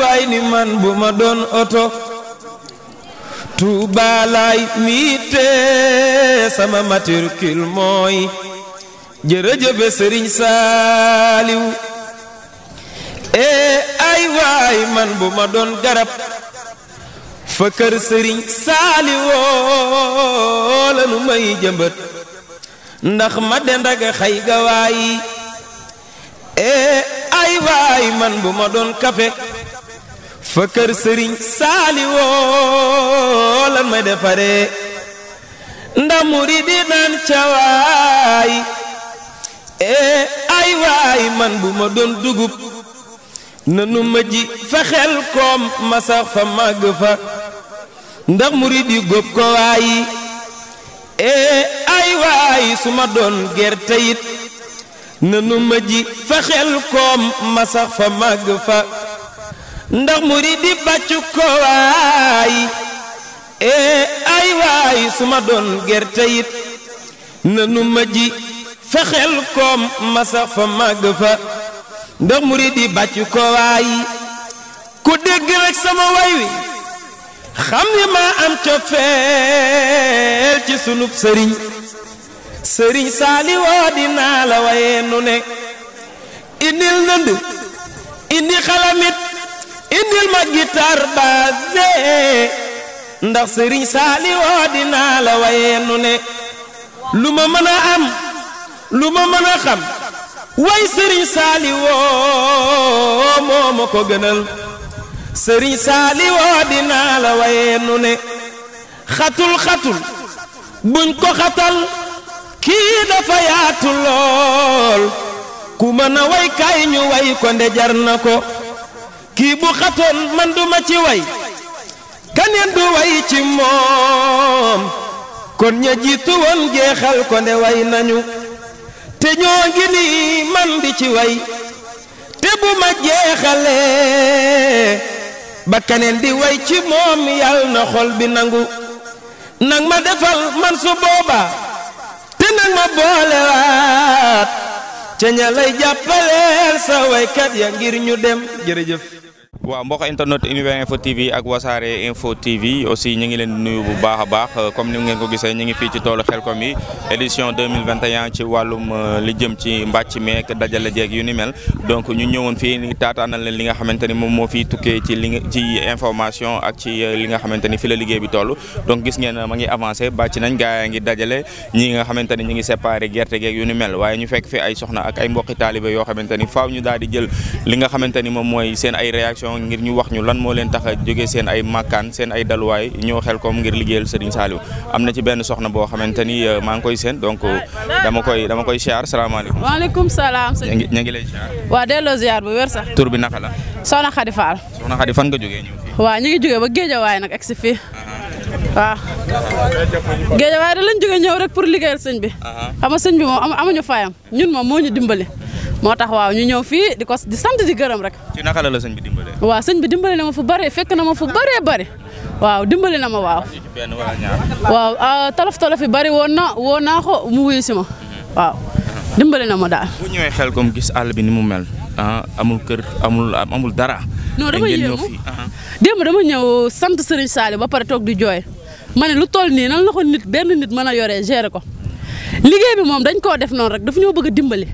waay ni man bu ma doon oto tuubaalaay miite sama matricule mooy jërëjëfe sëriñ saaliw ee eh, ay waay man bu ma doon garab fa sëriñ saali woo lanu may jëmbët ndax ma dend ak xay ga ee eh, ay waay man bu ma doon kafe fa kër sëriñ saali woo lan may defare ndax muridi naan ca waay ee eh, ay waay man bu ma doon dugub Eh, nanu ma ji fa xel koom ma sax fa màgg fa ndax murid yi góob ko ee eh, ay waayi su ma doon gerte it nanu ma ji fa xel koom ma fa màgg fa ndax murid yi bàcc ko ee ay waayi su ma doon gerte it nanu ji fa xel koom ma fa màgg fa ndax murid yi bàcc ko waay ku dégg rek sama way wi xam ni maa am cofeel ci sunub sëriñ sëriñ saaliwoo dinaa la waye ne indil ndënd indi xalamit indil ma guitare basse ndax sëriñ saaliwoo dinaa la waye ne lu ma mën a am lu ma mën a xam way sëriñ saaliwoo moo ma ko gënal sëriñ saaliwoo dinaa la waye nu ne xatul xatul buñ ko xatal kii dafa yaatu lool ku mën a way kaay ñu way ko nde jar na ko kii bu xatoon man duma ci way kaneen du way ci moom kon ña jiitu jeexal ko nde way nañu te ñoo ngi nii man di ci way te bu ma jeexalee ba keneen di way ci moom yàlla na xol bi nangu nag ma defal man su booba te nag ma boolewaat ca ña lay jàppaleel sa waykat ya ngir ñu dem jërëjëf waaw mbokk internet univers info TV ak wasaare info TV aussi ñu ngi leen di nuyu bu baax a baax comme ni ngeen ko gisee ñu ngi fii ci toolu xelkom yi édition 2021 ci wàllum euh, li jëm ci mbàcc meek dajale jeeg yu ni mel donc ñu ñëwoon fii taataanal leen li nga xamante ni moom moo fiy tukkee ci li ci information ak ci euh, li nga xamante ni fi la liggéey bi toll donc gis ngeen ma ngi avancé bàcc nañ gaa ngi dajale ñi nga xamante ni ñu ngi séparé gerte geeg yu ni mel waaye ñu fekk fi ay soxna ak ay mbokki taalibe yoo xamante ni faaw ñu daal di jël li nga xamante ni moom mooy seen réaction délégation ngir ñu wax ñu lan moo leen tax a jógee seen ay màkkaan seen ay daluwaay ñëw Xelkom ngir liggéeyal Serigne Saliou am na ci benn soxna boo xamante ni euh, maa ngi koy seen donc euh, dama koy dama koy siyaar salaamaaleykum. waaleykum salaam. ñu ngi lay siyaar. waa delloo ziar sax. tur bi naka la. Soxna Khady Fall. Soxna Khady fan nga ñu ngi jógee ba Géejawaay nag egg si fii. waaw Géejawaay da lañ jógee ñëw rek pour liggéeyal sëñ bi. xam nga sëñ bi moom amuñu fayam ñun moom moo ñu dimbali moo tax waaw ñu ñëw fii di ko di sant di gërëm rek. ci naka la la sëñ bi dimbale. waaw sëñ bi dimbale na ma fu bare fekk na ma fu bare bare waaw dimbali na ma waaw. waaw ah, tolof tolof yi bari woon na woon naa ko mu wuyu si ma waaw dimbale na ma daal. bu ñëwee gis àll bi ni mu mel ah, amul kër amul amul dara. non dama yéemu ah. dama ñëw sant Serigne Saliou ba pare toog di jooy ma ne lu toll nii nan la ko nit benn nit mën a yoree gere ko. liggéey bi moom dañ koo def noonu rek daf ñoo bëgg a dimbali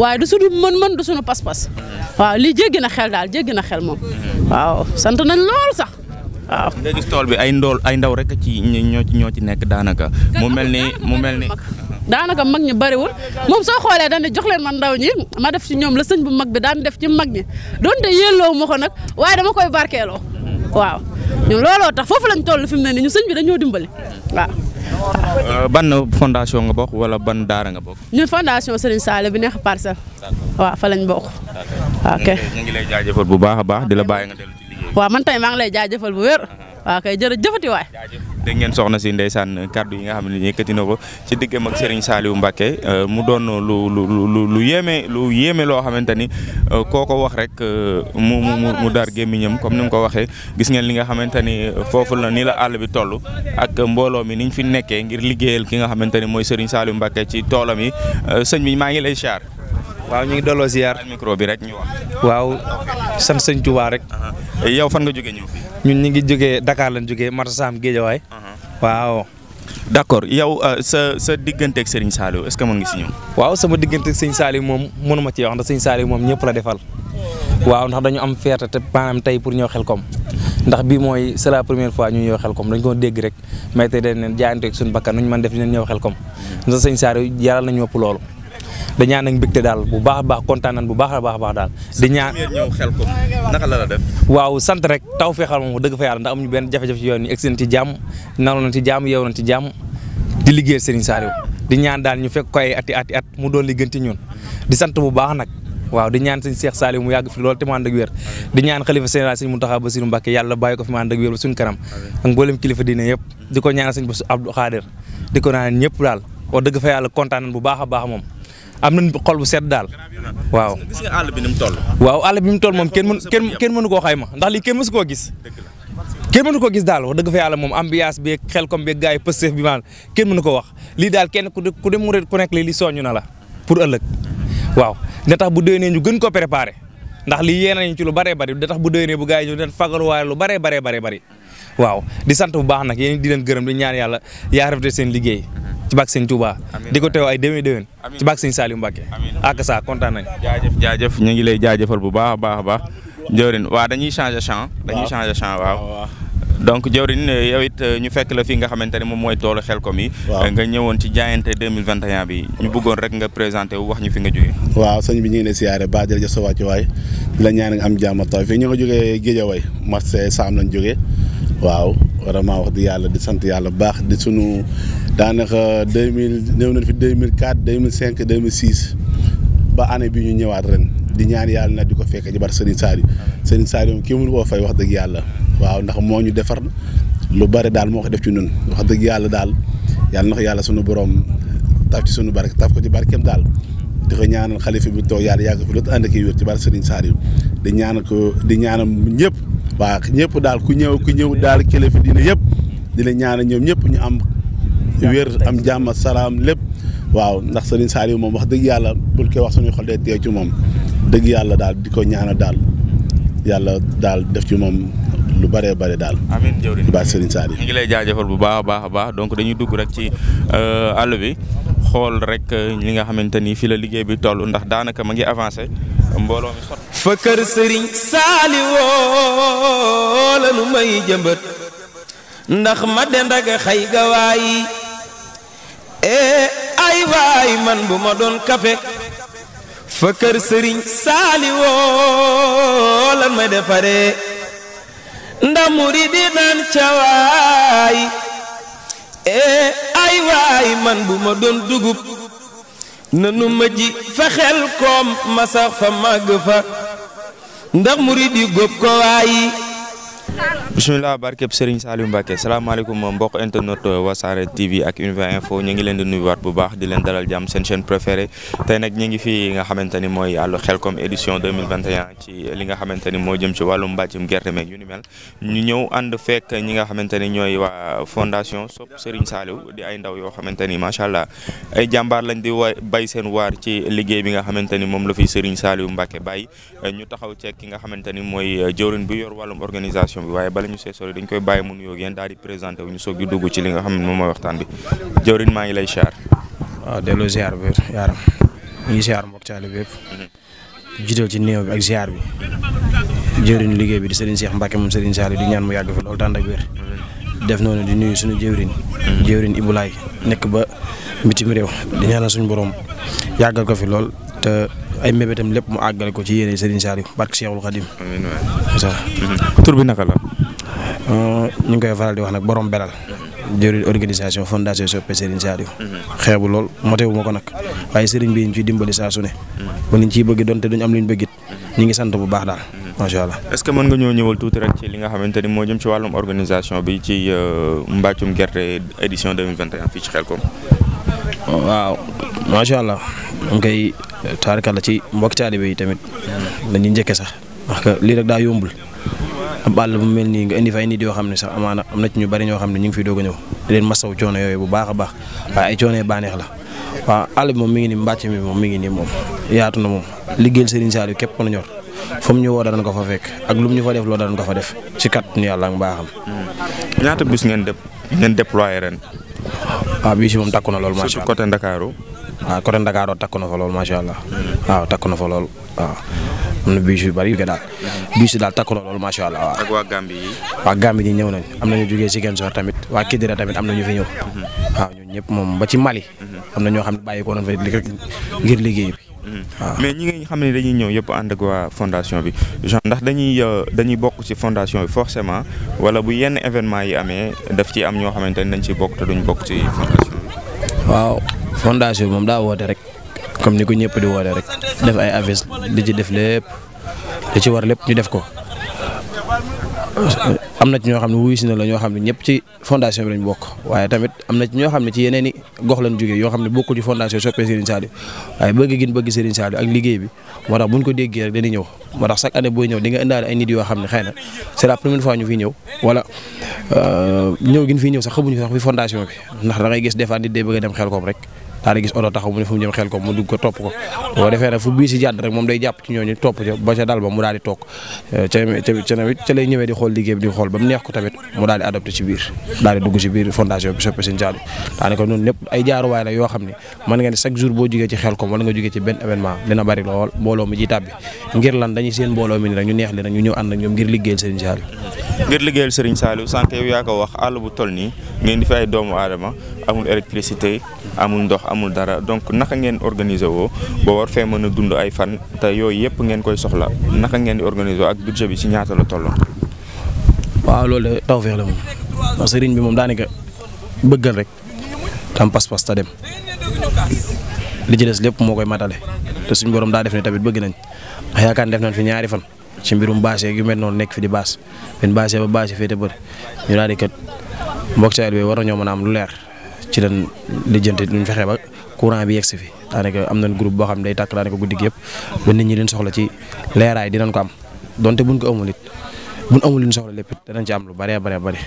waaye du suñu mën-mën du suñu pas-pas waaw lii jéggi na xel daal jéggi na xel moom waaw sant nañ lool sax waaw. nga tool bi ay ndool ay ndaw rek ci ñoo ci ñoo ci nekk daanaka. mu mel ni mu mel ni. daanaka mag ñi bëriwul moom soo xoolee dañ ne jox leen man ndaw ñi ma def ci ñoom la sëñ bu mag bi daan def ci mag ñi doon yelloo ma ko nag waaye dama koy barkeeloo waaw ñun looloo tax foofu lañ toll fi mu ne nii ñu sëñ bi dañoo dimbali waaw. Euh, ban fondation nga bokk wala ban daara nga bokk. ñun fondation Serigne Saliou bi nekk parcelle. waaw fa lañ bokk. ok ñu ngi lay jaajëfal bu baax a baax di la bàyyi nga dellu ci waaw man tey maa ngi lay jaajëfal bu wér. Uh-huh. waaw kay jërëjëfati waay. dégg ngeen soxna si ndeysaan kàddu yi nga xam ni yëkkati na ko ci diggam ak Serigne Saliou Mbacké euh, mu doon lu lu lu lu yéeme lu yéeme loo xamante ni euh, koo ko wax rek euh, mu mu dar gémmiñam comme ni nga ko waxee gis ngeen li nga xamante ni foofu la ni la àll bi toll ak mbooloo mi niñ fi nekkee ngir liggéeyal ki nga xamante ni mooy Serigne Saliou Mbacké ci toolam yi sëñ bi maa ngi lay char waaw ñu ngi delloo ziar micro bi rek ñu wax. waaw sant sëñ Touba rek. Uh-huh. yow fan nga jógee ñëw fii. ñun ñu ngi jógee Dakar lañ jógee Marsa Sam Géejawaay. Uh-huh. waaw. d' accord yow uh, sa sa digganteeg Serigne Saliou est ce que mën nga si ñëw. waaw sama digganteeg sëñ Saliou moom mënuma ci wax ndax sëñ Saliou moom ñëpp la defal. waaw ndax dañu am fierté te maanaam tey pour ñëw xel kom ndax bii mooy c'est la première fois ñu ñëw xel kom dañ ko dégg rek mais tey dañ leen jaayanteeg suñu bakkan nu ñu mën def ñu ñëw xel kom mm-hmm. ndax sëñ Saliou yaral nañu ëpp loolu. da ñaan ak mbégte daal bu baax baax kontaan bu baax a baax daal. di ñaan ñëw xel ko naka la waaw sant rek taw feexal moom dëgg fa yàlla ndax amuñu benn jafe yoon yi egg si nañ jàmm naroon nañ jàmm yeewu nañ ci jàmm di liggéey Serigne Saliou di ñaan daal ñu fekk ko ay ati at mu doon li ñun di sant bu baax nag waaw di ñaan sëñ Cheikh Saliou mu yàgg fi loolu te mu ànd ak ñaan xalifa général sëñ Mountakha Bassirou Mbacké yàlla bàyyi ko fi mu ànd ak wér ba mboolem kilifa diine yëpp di ko ñaanal sëñ Bass Abdou Khadir di ko naan ñëpp daal wax dëgg fa yàlla kontaan bu baax a baax moom am nañ xol bu sedd daal waaw. gis bi ni mu toll. waaw àll bi ni mu moom kenn mën kenn kenn mënu koo xayma ndax lii kenn mësu koo gis. kenn mënu ko gis daal wax dëgg fa yàlla moom ambiance bi xel kom bi gars yi bi maanaam kenn mënu ko wax lii daal kenn ku ku mu ku nekk lii soññu na la pour ëllëg waaw dina tax bu déwénee ñu gën ko préparé ndax lii yéen nañu ci lu bare bëri dina tax bu déwénee bu gars yi ñu den fagaruwaay lu bëree bëree waaw di sant bu baax nag yéen di leen gërëm di ñaan yàlla yaa rafetal seen liggéey mhm. ci bàq sëñ Touba di ko teew ay déwén déwén ci bàq sëñ Saliou Mbacke ak saa kontaan nañ jaajëf jaajëf ñu ngi lay jaajëfal bu baax a baax a baax jëwrin waa dañuy changer champ dañuy changer champ waaw donc jëwrin yow it euh, ñu fekk la fii nga xamante ne moom mooy toolu Xelcom yi euh, nga ñëwoon ci jaayante 2021 bi ñu bëggoon rek nga présenté u wax ñu fi nga jógee waaw sëñ bi ñu ngi lay siyaare ba jërëjëf sa wàccuwaay di la ñaan nga am jàmm taw fii ñu nga jógee Guédiawaye marché Sam lañ jógee waaw vraiment wax di yàlla di sant yàlla bu baax di sunu daanaka deux mille new na fi deux mille quatre deux mille cinq deux mille six ba ane bi ñu ñëwaat ren di ñaan yàlla na di ko fekk ci bar Serigne Saliou Serigne Saliou moom kii mënu koo fay wax dëgg yàlla waaw ndax moo ñu defar lu bari daal moo ko def ci nun wax dëgg yàlla daal yàlla na ko yàlla sunu borom taf ci sunu bare taf ko ci barkeem daal. di ko ñaanal xalifa bi toog yàlla yàgg fi lu ànd ak wér ci bar Serigne Saliou di ñaanal di ñaanal ñëpp. waaw ñëpp daal ku ñëw ku ñëw daal kilifa dina yëpp dina ñaanal ñoom ñëpp ñu am wér am jàmm salaam lépp waaw ndax Serigne Saliou moom wax dëgg yàlla bul koy wax suñuy xol dee tee ci moom dëgg yàlla daal di ko ñaanal daal yàlla daal def ci moom lu bëree bëri daal. amiin jërëjëf Ba Serigne Saliou. ñu ngi lay jaajëfal bu baax a baax a baax donc dañuy dugg rek ci euh, àll bi. xool rek euh, li nga xamante ni fii la liggéey bi toll ndax daanaka ma ngi avancé mbooloo mi sot fa kër sëriñ Saaliwoo la nu may jëmbët ndax ma dend ak xay gawaay ee ay waay man bu ma doon kafe fa kër sëriñ Saaliwoo lan may defaree ndax muri di naan cawaay ee eh, ay man bu ma doon dugub nanu ma ji fa xel koom ma sax fa màgg fa ndax murid yi góob ko waayi bisimilah barkeb Serigne Saliou Mbacke salaamaaleykum mbokk internet Wassare TV ak Univers foo ñu ngi leen di nuyuwaat bu baax di leen dalal jam seen chaîne préférée te nag ñu ngi fi nga xamante ni mooy àllu Xelcom édition 2021 ci li nga xamante ni moo jëm ci wàllum gerte meeg yu ni ñu ñëw ànd fekk ñi nga xamante ni ñooy waa fondation Sopp Serigne Saliou di ay ndaw yoo xamante ni macha allah ay jàmbaar lañ di bay seen waar ci liggéey bi nga xamante ni moom la fi Serigne Saliou Mbacke bàyyi ñu taxaw ceeg ki nga xamante ni mooy jëwrin bi yor wàllum organisation waaye bala ñu see dañ koy bàyyi mu nuyoo ak yéen daal di présenté wu ñu soog di dugg ci li nga xam ne moom mooy waxtaan bi jëwriñ maa ngi lay siyaar. waaw delloo ziar bi yaaram ngi ziar mbokk taalibe bi mhm. ci néew bi ak ziar bi. jëwriñ liggéey bi di Serigne Cheikh Mbacke moom Serigne Saliou di ñaan mu yàgg fi loolu tànd ak wér. Mhm. def noonu di nuyu suñu jëwriñ. Mhm. jëwriñ Ibulaay nekk ba bitim réew di ñaanal suñu borom yàggal ko fi lool te ay mébétam lépp mu àggale ko ci yéene Serigne Saliou barke Cheikhul Khadim. amiin tur euh, ñu ngi koy faral di wax nag borom beral. jëriñ organisation fondation Soppe Serigne Saliou. xeebu lool motewu ma ko nag waaye Serigne bi ñu ciy dimbali saa ne. ba liñ ciy bëgg donte duñ am luñ bëgg it ñu sant bu baax daal. macha allah est que mën nga ñoo ñëwal tuuti rek ci li nga xamante ni moo jëm ci wàllum organisation bi ci euh, mbàccum gerte édition 2021 fii ci Xelkom. waaw macha allah ñu koy taarikal la ci mbokki taalibe yi tamit dañuy njëkke sax parce que lii rek daa yombul. ab àll bu mel nii nga indi fa ay nit yoo xam ne sax amaana am na ci ñu bari ñoo xam ne ñu ngi fiy doog a ñëw di leen masaw coono yooyu bu baax a baax waaye ay coono baaneex la waaw àll moom mi ngi nii mbàcc mi moom mi ngi nii moom yaatu na moom liggéeyal Serigne Saliou képp ko na ñor fu mu ñu woo danañ ko fa fekk ak lu mu ñu fa def loo danañ ko fa def ci kat ni yàlla ak mbaaxam. Hmm. ñaata bus ngeen dep ngeen déployé ren. waaw ah, bii moom takku na loolu macha allah surtout côté Ndakaaru waaw ah, côté Ndakaaroo takk na fa lool macha allah waaw takk na fa lool waaw am na biis yu bëri yu daal biis yi daal takk na lool macha allah waaw. ak waa Gambie yi. waa Gambie yi ñëw nañ am na ñu jugee Ziguinchor tamit waa Kidira tamit am na ñu fi ñëw waaw ñun ñëpp moom ba ci Mali. am na ñoo xam ne bàyyi ko nañ fa ngir liggéey bi. mais ñi nga xam ne dañuy ñëw yëpp ànd ak waa fondation bi Jean ndax dañuy euh, dañuy bokk ci fondation bi forcément wala bu yenn événement yi amee daf ci am ñoo xamante ne dañ ciy bokk te bokk ci waaw fondation bi moom daa woote rek comme ni ko ñëpp di woote rek def ay avis di ci def lépp li ci war lépp ñu def ko Euh, am na ci ñoo xam ne wuyu si na la xam ne ñëpp ci fondation bi lañ bokk waaye tamit am na ci ñoo xam ne ci yeneen i gox lañ jógee yoo xam ne bokkul ci fondation soppee Serigne Saliou waaye bëgg moo tax buñ ko déggee rek dañuy ñëw moo tax chaque année booy ñëw di nga indaale ay nit yoo xam ne xëy c'est la première fois ñu fi ñëw wala euh, ñëw gin fi ñëw sax xamuñu sax fi fondation bi ndax da ngay gis des fois nit day bëgg a dem xel koom rek daana gis oto taxaw mu ne fu mu jëm xel ko mu dugg ko topp ko boo defee nag fu bii si jàdd rek moom day jàpp ci ñooñu topp ca ba ca dal ba mu daal di toog eh, ca lay ñëwee di xool liggéey bi di tamit mu daal di adopté ci biir daal di dugg ci biir fondation bi soppe seen jaadu daanaka noonu lépp ay jaaruwaay la yoo xam ne mën nga ne chaque jour boo jógee ci xel ko wala nga jógee ci benn événement dina bari lool mbooloo mi ji tàbbi ngir lan dañuy seen mbooloo mi ni rek ñu neex li rek ñu ñëw ànd ak ñoom ngir liggéeyal Serigne Saliou ngir liggéeyal Serigne Saliou sànq yow yaa ko wax àll bu toll nii ngeen amul ndox amul dara donc naka ngeen organiser woo ba war fee mën a dund ay fan te yooyu yëpp ngeen koy soxla naka ngeen di organiser ak budget bi ci ñaata la toll. waaw loolu de tawfeex la moom ndax sëriñ bi moom daanaka bëggal rek tam pas li ci des lépp moo koy matale te borom daa def tamit bëgg nañ yaakaan yaakaar def nañ fi ñaari fan. ci mbirum baas yeeg yu mel noonu nekk fi di baas benn baas ba baas yi féete ñu daal di mbokk saa bi war nañoo mën a am lu leer. ci lañ lijjanti ñu fexe ba courant bi yegsi fi daanaka am nañ groupe boo xam ne day tàkk daanaka guddi gi yëpp ba nit ñi leen soxla ci leeraay dinañ ko am donte buñ ko amul it buñ amul leen soxla lépp it danañ ci am lu bëree bëri bëri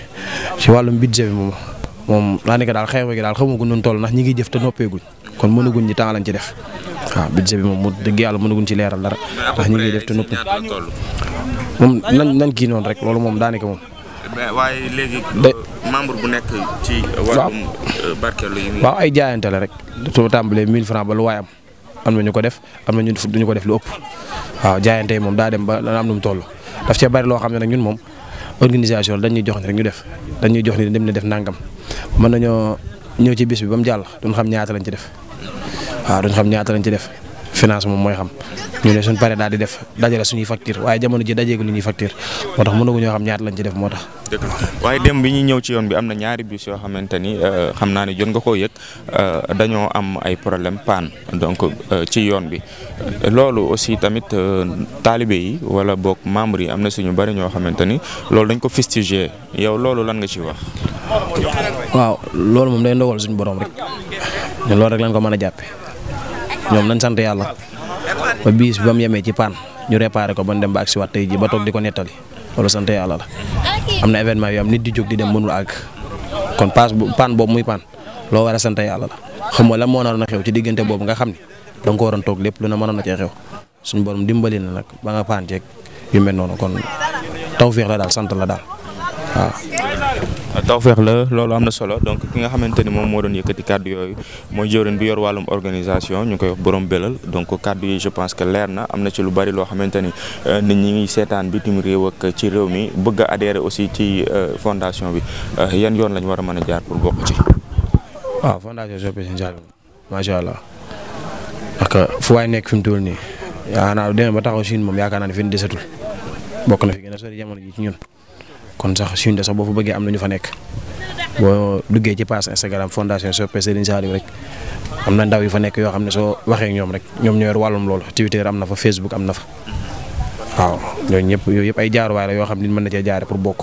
ci wàllum budget bi moom moom daanaka daal xew gi daal xamaguñ nun toll ndax ñi ngi jëf te noppeeguñ kon mënaguñ ñi temps lañ ci def waaw budget bi moom mu dëgg yàlla mënaguñ ci leeral dara ndax ñi ngi def te noppi moom nañ nañ kii noonu rek loolu moom daanaka moom waaye léegi. membre bu nekk ci. wàllum euh, barkeelu waaw ay jaayante la rek. soo tàmbalee 1000 francs ba lu waay am am na ñu ko def am na ñu duñu ko def lu ëpp waaw jaayante yi moom daa dem ba am lu mu toll daf cee bari loo xam ne nag ñun moom organisation dañuy jox ni rek ñu def dañuy jox ni dem ne def nangam mën nañoo ñëw ci bis bi ba mu jàll xam ñaata lañ ci def waaw duñ xam ñaata lañ ci def. finance moom mooy xam ñu ne suñ pare daal di def dajale suñuy facture waaye jamono ji dajeegu li ñuy facture moo tax mënagu ñoo xam ñaata lañ ci def moo tax waaye dem bi ñuy ñëw ci yoon bi am na ñaari bus yoo xamante ni euh, xam naa ne jot nga koo yëg euh, dañoo am ay problème panne donc euh, ci yoon bi loolu aussi tamit taalibe yi wala boog membre yi am na suñu bari ñoo xamante ni loolu dañ ko fustiger yow loolu lan nga ci wax waaw loolu moom day ndogal suñu borom rek loolu rek lañ ko mën a jàppe ñoom nañ sant yàlla ba biis ba mu yemee ci paan ñu réparé ko ba dem ba ak si waat ba toog di ko nettali loolu sant yàlla la am na événement yoo am nit di jóg di dem mënul agg kon paas bu paan boobu muy paan loo war a sant yàlla la xam la lan na naroon a xew ci diggante boobu nga xam ni danga ko waroon toog lépp lu ne mënoon na cee xew suñu borom dimbali na nag ba nga paan ceeg yu mel noonu kon tawféex la daal sant la daal waaw. tawfeex la loolu am na solo donc ki nga xamante ni moom moo doon yëkkati kàddu yooyu mooy jëwriñ bi yor wàllum organisation ñu koy wax borom belal donc kàddu yi je pense que leer na am na ci lu bari loo xamante ni euh, nit ñi ngi seetaan bitim réew ak ci réew mi bëgg a aussi ci euh, fondation bi euh, yan yoon lañ war a mën a jaar pour bokk ci. waaw ah, fondation Sopé Sénégal macha allah ak fu nekk fi mu toll nii yaakaar naa demee ba taxaw si moom yaakaar naa ne fi mu desatul bokk na fi gën a sori jamono ji ci ñun. kon sax suñ da sax boo fa bëggee am na ñu fa nekk boo duggee ci page Instagram fondation Sope Serigne Saliou rek am na ndaw yi fa nekk yoo xam ne soo waxee ñoom rek ñoom ñoo yor wàllum loolu Twitter am na fa Facebook am na fa waaw ñooñu ñëpp yooyu yëpp ay jaaruwaay la yoo xam ne mën na cee jaare pour bokk.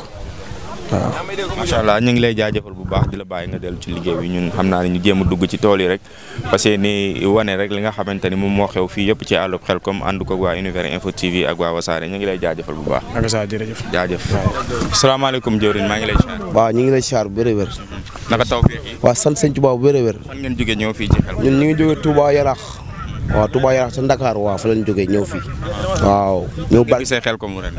waaw macha allah ñu ngi lay jaajëfal bu baax di la bàyyi nga dellu ci liggéey bi ñun xam naa ne ñu jéem a dugg ci tool yi rek parce que ni wane rek li nga xamante ni moom moo xew fii yëpp ci àllub xel comme ànd ko waa Univers Info TV ak waa Wasaare ñu ngi lay jaajëfal bu baax. ak saa jërëjëf jaajëf. salaamaaleykum jëwriñ maa ngi lay siyaar. waaw ñu ngi lay siyaar bu wér a wér. naka taw fii. waaw sant sëñ Tuubaa bu wér a wér. fan ngeen jógee ñëw ci xel. ñu ngi jógee Touba Yaraax waaw Touba sa Ndakaar waa fa lañ jogee ñëw fii waaw ñëw bar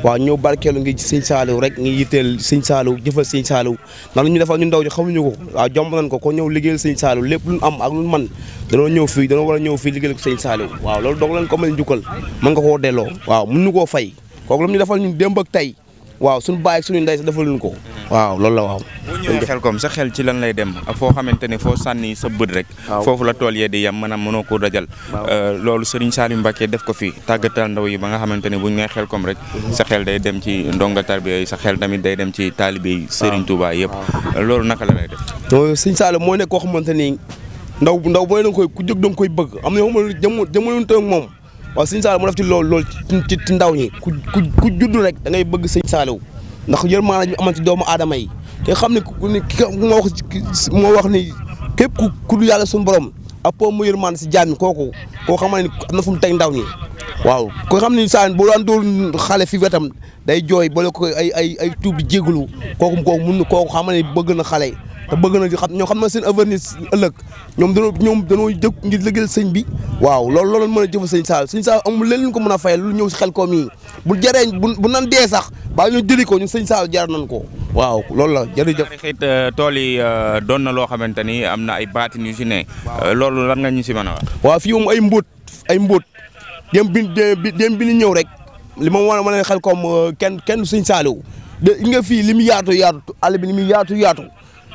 waaw ñëw barkeelu ngi siñ Saaliw rek ngi yitteel sëñ Saaliw jëfal sëñ Saaliw ndax lu ñu defal ñu ndaw ñi xamuñu ko waaw jomb nañ ko ko ñëw liggéeyal sëñ Saaliw lépp lu am ak lu man danoo ñëw fii danoo war a ñëw fii liggéeyal ko sëñ Saaliw waaw loolu doog lañ ko mën jukkal mën nga koo delloo waaw mën ñu koo fay kooku lu ñu defal ñu démb ak tey waaw suñu baay ak suñu ndey sax ko. Mm-hmm. waaw loolu la waaw. xel kom sa xel ci lan lay dem foo xamante ne foo sànni sa bët rek. foofu la tool yee di yem maanaam mënoo ko dajal. Euh, loolu Serigne Saliou Mbacké def ko fii tàggatal ndaw yi ba nga xamante ne bu ñu nee xel kom rek. Mm-hmm. sa xel day dem ci ndonga tarbiya yi sa xel tamit day dem ci taalibe Serigne Touba yëpp. Euh, loolu naka la lay def. Serigne Saliou mooy nekk koo xamante ni ndaw ndaw booy da nga koy ku jóg da nga koy bëgg am na yoo xam ne jëmm jëmmalante ak moom waaw sëñ Saliou mu def ci loolu loolu ci ndaw ñi ku ku ku judd rek da ngay bëgg sëñ Saliou ndax yërmaande bi amal ci doomu aadama yi te xam ne ku ne ki ma wax moo wax ni képp ku ku du yàlla suñu borom appo mu yërmaande si jaam kooku koo xam ne am na fu mu ndaw ñi waaw ko xam ne Saliou boo daan doon xale fi wetam day jooy boole ko ay ay ay tuub bi jégalu kooku kooku mun kooku xam ne bëgg na xale te bëgg na xam ñoom xam na seen avenir ëllëg ñoom dañoo ñoom dañoo jóg ngir liggéeyal sëñ bi waaw loolu loolu mën a jëfa sëñ Sall sëñ Sall amul leen lu ko mën a fayal lu ñëw si xel koom yi bu jëree bu bu nan sax baa ñu jëli ko ñun sëñ Sall jar nañ ko waaw loolu la jërëjëf xëyit euh, tool yi euh, doon na loo xamante ni am na ay baatin yu si ne euh, loolu lan nga ñu si mën a wax waaw fii moom ay mbóot ay mbóot dem bi dem bi ni ñëw rek li ma mën a mën a xel koom kenn kenn sëñ Saliou de nga fii li mu yaatu yaatu àll bi li mu yaatu yaatu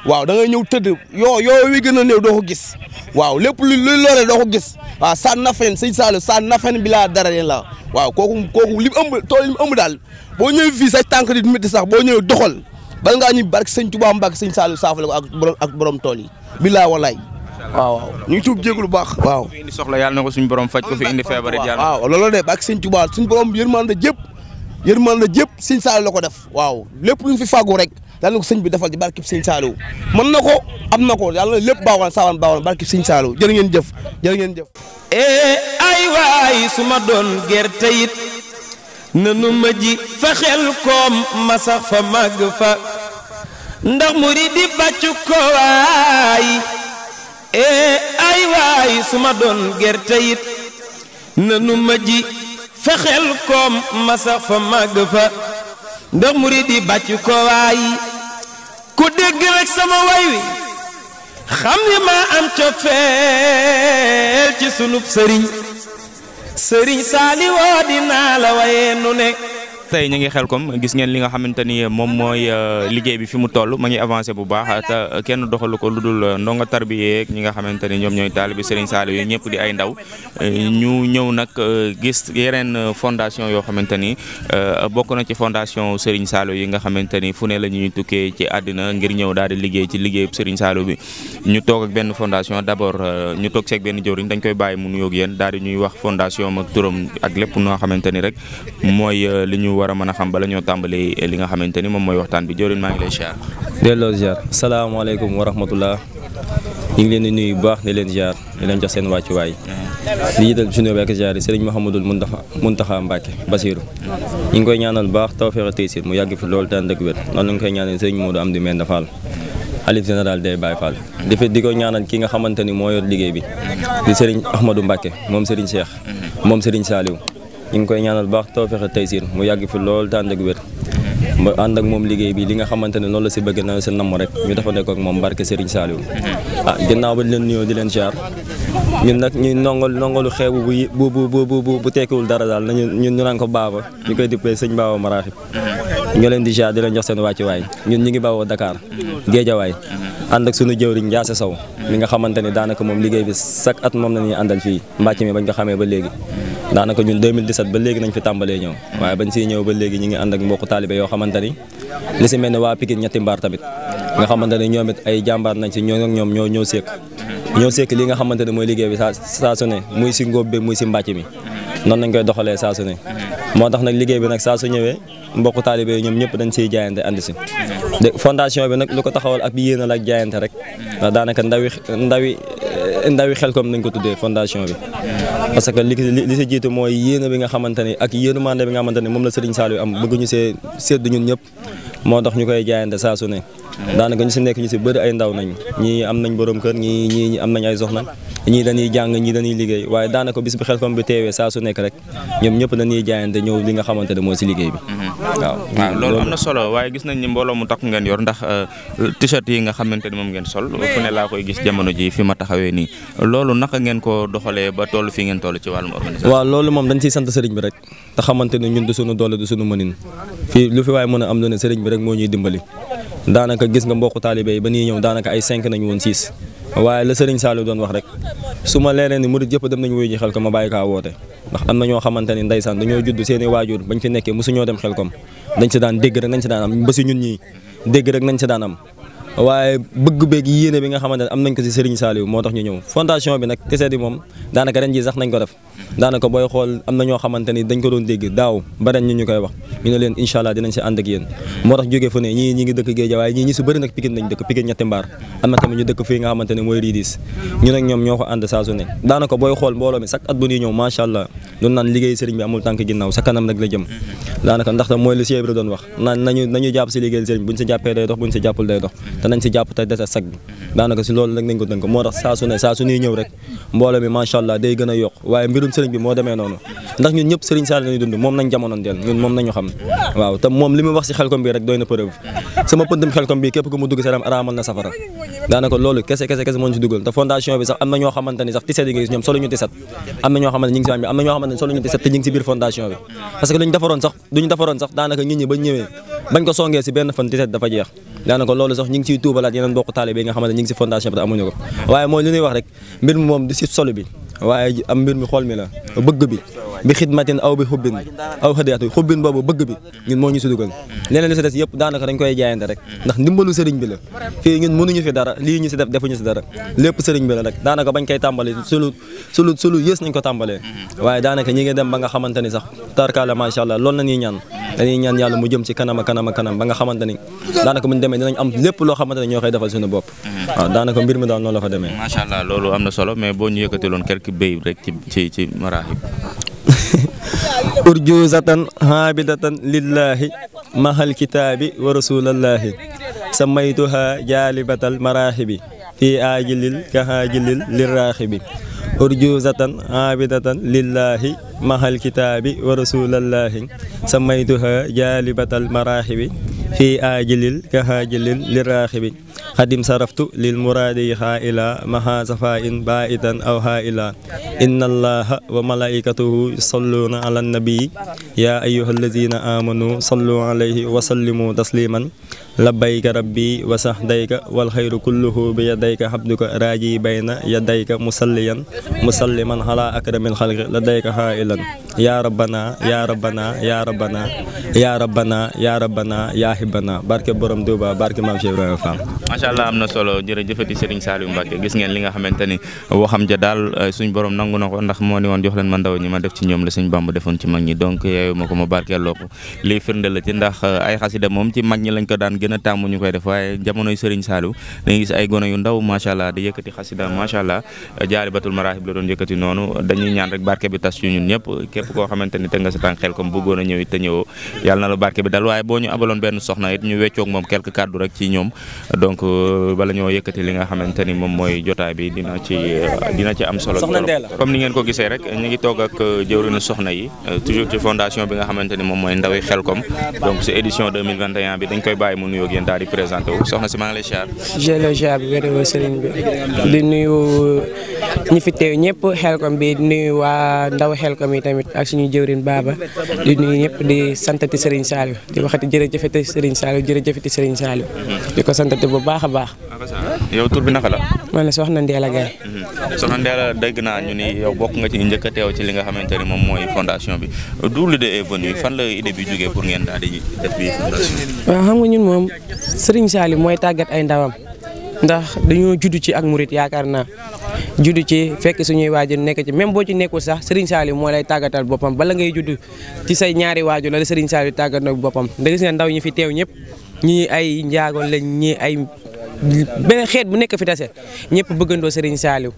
waaw da ngay ñëw tëdd yoo yoo wi gën a ne doo ko gis waaw lépp lu luy lore doo ko gis waaw sa nafen sëñ Saalum sa nafen bi laa dara yéen la waaw kooku kooku li mu ëmb tool yi mu ëmb daal boo ñëwee fii sa tànk di métti sax boo ñëwee doxal bal ngaa ñu barke sëñ Tuubaa Mbàkke sëñ Saalum saafale ak borom ak borom tool yi billaa walaay waaw waaw ñu ngi tuub jéegul bu baax waaw indi soxla yàlla na ko suñu borom faj ko fi indi feebar yàlla waaw loolu de barke sëñ Tuubaa suñu borom jëpp na jëpp sëñ Saliou la ko def waaw lépp lu fi fàggu rek yàlla na ko sëñ bi defal ci barkib sëñ Saliou mën na ko am na ko yàlla lépp baawoon saawaan baawoon barkib sëñ Saliou jërë ngeen jëf jërë ngeen jëf e, ay waay su ma doon gerte it nanu ma ji ma sax fa màgg fa ndax muri di bàccu ko waay ee it nanu ma ji fa xel koom masax fa màgg fa ndax murid yi bàcc ko waay ku dégg rek sama way wi xam ni maa am cofeel ci sunub sëriñ sëriñ saali woo dinaa la waye nu ne tey ñu ngi Xelcom gis ngeen li nga xamante ni moom mooy euh, liggéey bi fi mu toll ma ngi avancé bu baax euh, kenn doxalu ko lu dul euh, ndongo tarbiye ñi nga xamante ni ñoom ñooy taalibi Serigne Saliou yooyu ñëpp di ay ndaw ñu ñëw nag gis yeneen fondation yoo xamante ni bokk na ci fondation Serigne Saliou yi nga xamante ni fu ne la ñuy tukkee ci àddina ngir ñëw daal di liggéey ci liggéey Serigne Saliou bi ñu toog ak benn fondation d'abord ñu toog seeg benn jëwriñ dañ koy bàyyi mu nuyoog yéen daal di ñuy wax fondation ak turam ak lépp noo xamante ni rek war a mën a xam bala ñoo tàmbali li nga xamante ni moom mooy waxtaan bi jëriñ maa ngi lay ziar. delloo ziar salaamaaleykum wa rahmatullah ñu ngi leen di nuyu bu baax di leen ziar di leen jox seen wàccuwaay. Mm-hmm. di jiital suñu bekk ziar yi sëriñ Mouhamadul Mountakha Mountakha Mbacke Basirou. ñu ngi koy ñaanal baax tawfeex ak mu yàgg fi loolu daan dëkk wér noonu la ñu koy ñaanal sëriñ Modou Amdi Menda Fall. alif général day Baye Fall. Mm-hmm. di fi di ko ñaanal ki nga xamante ni moo yor liggéey bi. Mm-hmm. di sëriñ Ahmadou mbake moom sëriñ Cheikh. moom sëriñ Saliou. ñu ngi koy ñaanal baax tawfeex ak taysiir mu yàgg fi lool tànd ak wér ba ànd ak moom liggéey bi li nga xamante ne loolu la si bëgg na si namm rek ñu dafa nekk ak moom barke Serigne Saliou mhm. ah ginnaaw ba di leen nuyoo di leen jaar ñun nag ñu nongol nongolu xeebu bu bu bu bu bu tekkiwul dara daal nañu ñun ñu naan ko baaba ñu koy dippee sëñ baaba maraaxib mhm. ñu leen di jaar di leen jox seen wàccu waay ñun ñu ngi bawoo Dakar géejawaay mhm. ànd ak sunu jëwriñ Ndiasse Sow mi nga xamante ne daanaka moom liggéey bi chaque at moom la ñuy àndal fii xamee ba léegi daanaka ñun 2017 ba léegi nañ fi tàmbalee ñëw waaye ba ñu ngi ànd ak mbokku taalibe yoo xamante xamante ni li si mel ne waa Pikine ñetti mbaar tamit nga xamante ne ñoom it ay jàmbaar nañ si ñoo ak ñoom ñoo ñoo seek ñoo seek li nga xamante mooy liggéey bi saa ne moo tax liggéey bi nag saa ñëwee mbokku taalibe ñoom ñëpp dañ siy jaayante andi si fondation bi nag lu ko taxawal ak yéenal ak jaayante rek daanaka ndawi Eh, ndawi Xelkom nañ ko tuddee fondation bi parce que li li si jiitu mooy yéene bi nga xamante ne ak yéenu mande bi nga xamante ne moom la Serigne Saliou am bëgg ñu see séddu ñun ñëpp moo tax ñu koy jaayante saa su ne daanaka ñu si nekk ñu si bëri ay ndaw nañ ñii am nañ borom kër ñii ñii am nañ ay soxna ñii dañuy jàng ñii dañuy liggéey waaye daanaka bis bi Xelcom bi teewee saa su nekk rek ñoom ñëpp dañuy jaayante ñëw li nga xamante ne moo si liggéey bi mhm. waaw waaw ah, loolu am na solo waaye gis nañ ni mu takk ngeen yor ndax euh, t-shirt yi nga xamante ni moom ngeen sol ne laa koy gis jamono ji fi ma taxawee nii loolu naka ngeen ko doxalee ba toll fi ngeen toll ci wàllum organisation waaw loolu moom dañ ciy sant sëriñ bi rek te xamante ne ñun du suñu doole du suñu mënin fii lu fi waaye mën a am lu ne sëriñ bi rek moo ñuy dimbali daanaka gis nga mbokku taalibe yi ba nii ñëw daanaka ay 5 nañu woon 6 waaye la sëriñ Saliou doon wax rek su ma leeree ni murid yëpp dem nañu wuyu ji xel ko ma bàyyi ka woote ndax am na ñoo xamante ni ndeysaan dañoo judd seeni waajur bañ fi nekkee suñoo dem xel kom dañ si daan dégg rek nañ si daan am ba si ñun ñii rek nañ si daan am waaye bëgg beeg yéene bi nga xamante ne am nañ ko si Serigne Saliou moo tax ñu ñëw fondation bi nag kese di moom daanaka ren ji sax nañ ko def daanaka booy ñoo xamante ni dañ ko doon dégg daaw ñu koy wax ñu leen incha allah dinañ moo tax jógee fu ne ngi dëkk waaye ñii ñi si bëri nag Pikine nañ dëkk Pikine ñoo ko ànd saa su booy xool mbooloo mi chaque at bu ñuy ñëw macha allah doon naan liggéey Serigne bi amul tànk ginnaaw sa kanam nag la jëm daanaka ndaxte mooy lu Cheikh Ibra doon wax naan nañu nañu jàpp si liggéey Serigne buñ si jàppee day dox si jàppul day dox te nañ si bi daanaka si loolu rek nañ moo tax saa su ne rek mbooloo mi macha allah day gën a waaye mbirum sëriñ bi moo demee noonu ndax ñun ñëpp sëriñ Saliou lañuy dund moom nañ jamonoon deel ñun moom nañu xam waaw moom li mu si xelkom bi rek doy na preuve sama pëndum xelkom bi képp ku mu dugg sa ram na safara daanaka loolu kese kese moo ñu si dugal te fondation bi sax am ngi si wàñ bi am ngi si daanaka loolu sax ñu ngi ciy tuubalaat yeneen mbokk taalibe yi nga xamante ñu ngi si fondation bi te amuñu ko waaye mooy lu ñuy wax rek mbir mi moom di si solo bi waaye am mbir mi xool mi la bëgg bi bi xidmatin aw bi xubbin aw xëdiyatu xubbin boobu bëgg bi ñun moo ñu si dugal leneen li si yëpp daanaka dañ koy jaayante rek ndax ndimbalu sëriñ bi la fii ñun mënuñu fi dara lii ñu si def defuñu si dara lépp sëriñ bi daanaka bañ koy tàmbali sulu sulu sulu yées nañ ko tàmbalee waaye daanaka ñi dem ba nga xamante ni sax tarkaala macha allah loolu nañuy ñaan dañuy ñaan yàlla mu jëm ci kanam a kanam a ba nga xamante ni daanaka bu ñu demee dinañ am lépp loo xamante ne ñoo koy defal nekk béy rek ci ci ci maraaxib urjuuzatan haabidatan lillaahi mahal kitaabi wa rasulallaahi samaytuha jaalibatal maraaxibi fii aajilil kahaajilil liraaxibi urjuuzatan haabidatan lillaahi mahal kitaabi wa rasulallaahi samaytuha jaalibatal maraaxibi fi ajilil ka hajilil li raxibi xadim saraftu lil muraadi xaa ila maha safain ba itan aw xaa ila inna allaha wa malaikatahu yusalluuna ala nabii ya ayyuha allazina amanu sallu alayhi wa sallimu tasliman labbayka rabbi wa saxdayka wal xayru kulluhu bi yadayka xabduka raaji bayna yadayka musalliyan musalliman ala akramil xalqi ladayka xaailan yaa rabbana yaa rabbana yaa rabbana yaa rabbana yaa rabbana yaa hibbana barke borom Tuuba barke maam Cheikh Ibrahima Fall macha allah am na solo jërëjëfati Serigne Saliou Mbacke gis ngeen li nga xamante ni waxam ja daal eh, suñ borom nangu na ko ndax moo woon jox leen ma ndaw ñi ma def ci ñoom la suñ bamb defoon ci mag ñi donc yaayu ma la ci ndax eh, ay xasida moom ci mag ñi lañ ko gën a tàmm ñu koy def waaye jamonoy Serigne gis ay gone yu ndaw macha allah di yëkkati xasida macha allah jaari batul la doon yëkkati noonu dañuy ñaan rek barke bi tas ci ñun ñëpp képp koo xamante te nga sa tànk xel comme bëggoon a te ñëwoo yàlla na la barke bi dal waaye boo ñu abaloon benn soxna it ñu weccoog moom quelque kàddu rek ci ñoom donc euh, bala ñoo yëkkati li nga xamante moom mooy jotaay bi dina ci euh, am solo comme ni ngeen ko gisee rek ñu ngi toog ak euh, jëwrinu soxna yi toujours nuyoo ak yéen daal di présenté wu soxna si maa ngi lay ziar. jëloo ziar bi di nuyu ñi fi teew ñëpp xelkom bi di nuyu waa ndaw xel ko yi tamit ak suñu jëwrin baaba di nuyu ñëpp di santati sëriñ Saliou di waxati jërëjëfati sëriñ Saliou jërëjëfati sëriñ Saliou. di ko santati bu baax a baax. yow tur bi naka la. man la soxna Ndéla Gaye. Mhm. soxna Ndéla dégg naa ñu ni yow bokk nga ci njëkk a teew ci li nga xamante ni moom mooy fondation bi d'où l'idée est fan la idée pour ngeen daal di moom Serigne Saliou mooy tàggat ay ndawam ndax dañoo juddu ci ak murit yaakaar na juddu ci fekk suñuy waajur nekk ci même boo ci nekkul sax Serigne Saliou moo lay tàggatal boppam bala ngay judd ci say ñaari waajur la Serigne Saliou tàggat na boppam da gis ndaw ñi fi teew ñëpp ñii ay njaago lañ ñii ay benn xeet bu nekk fi tase ñëpp bëggandoo Serigne Saliou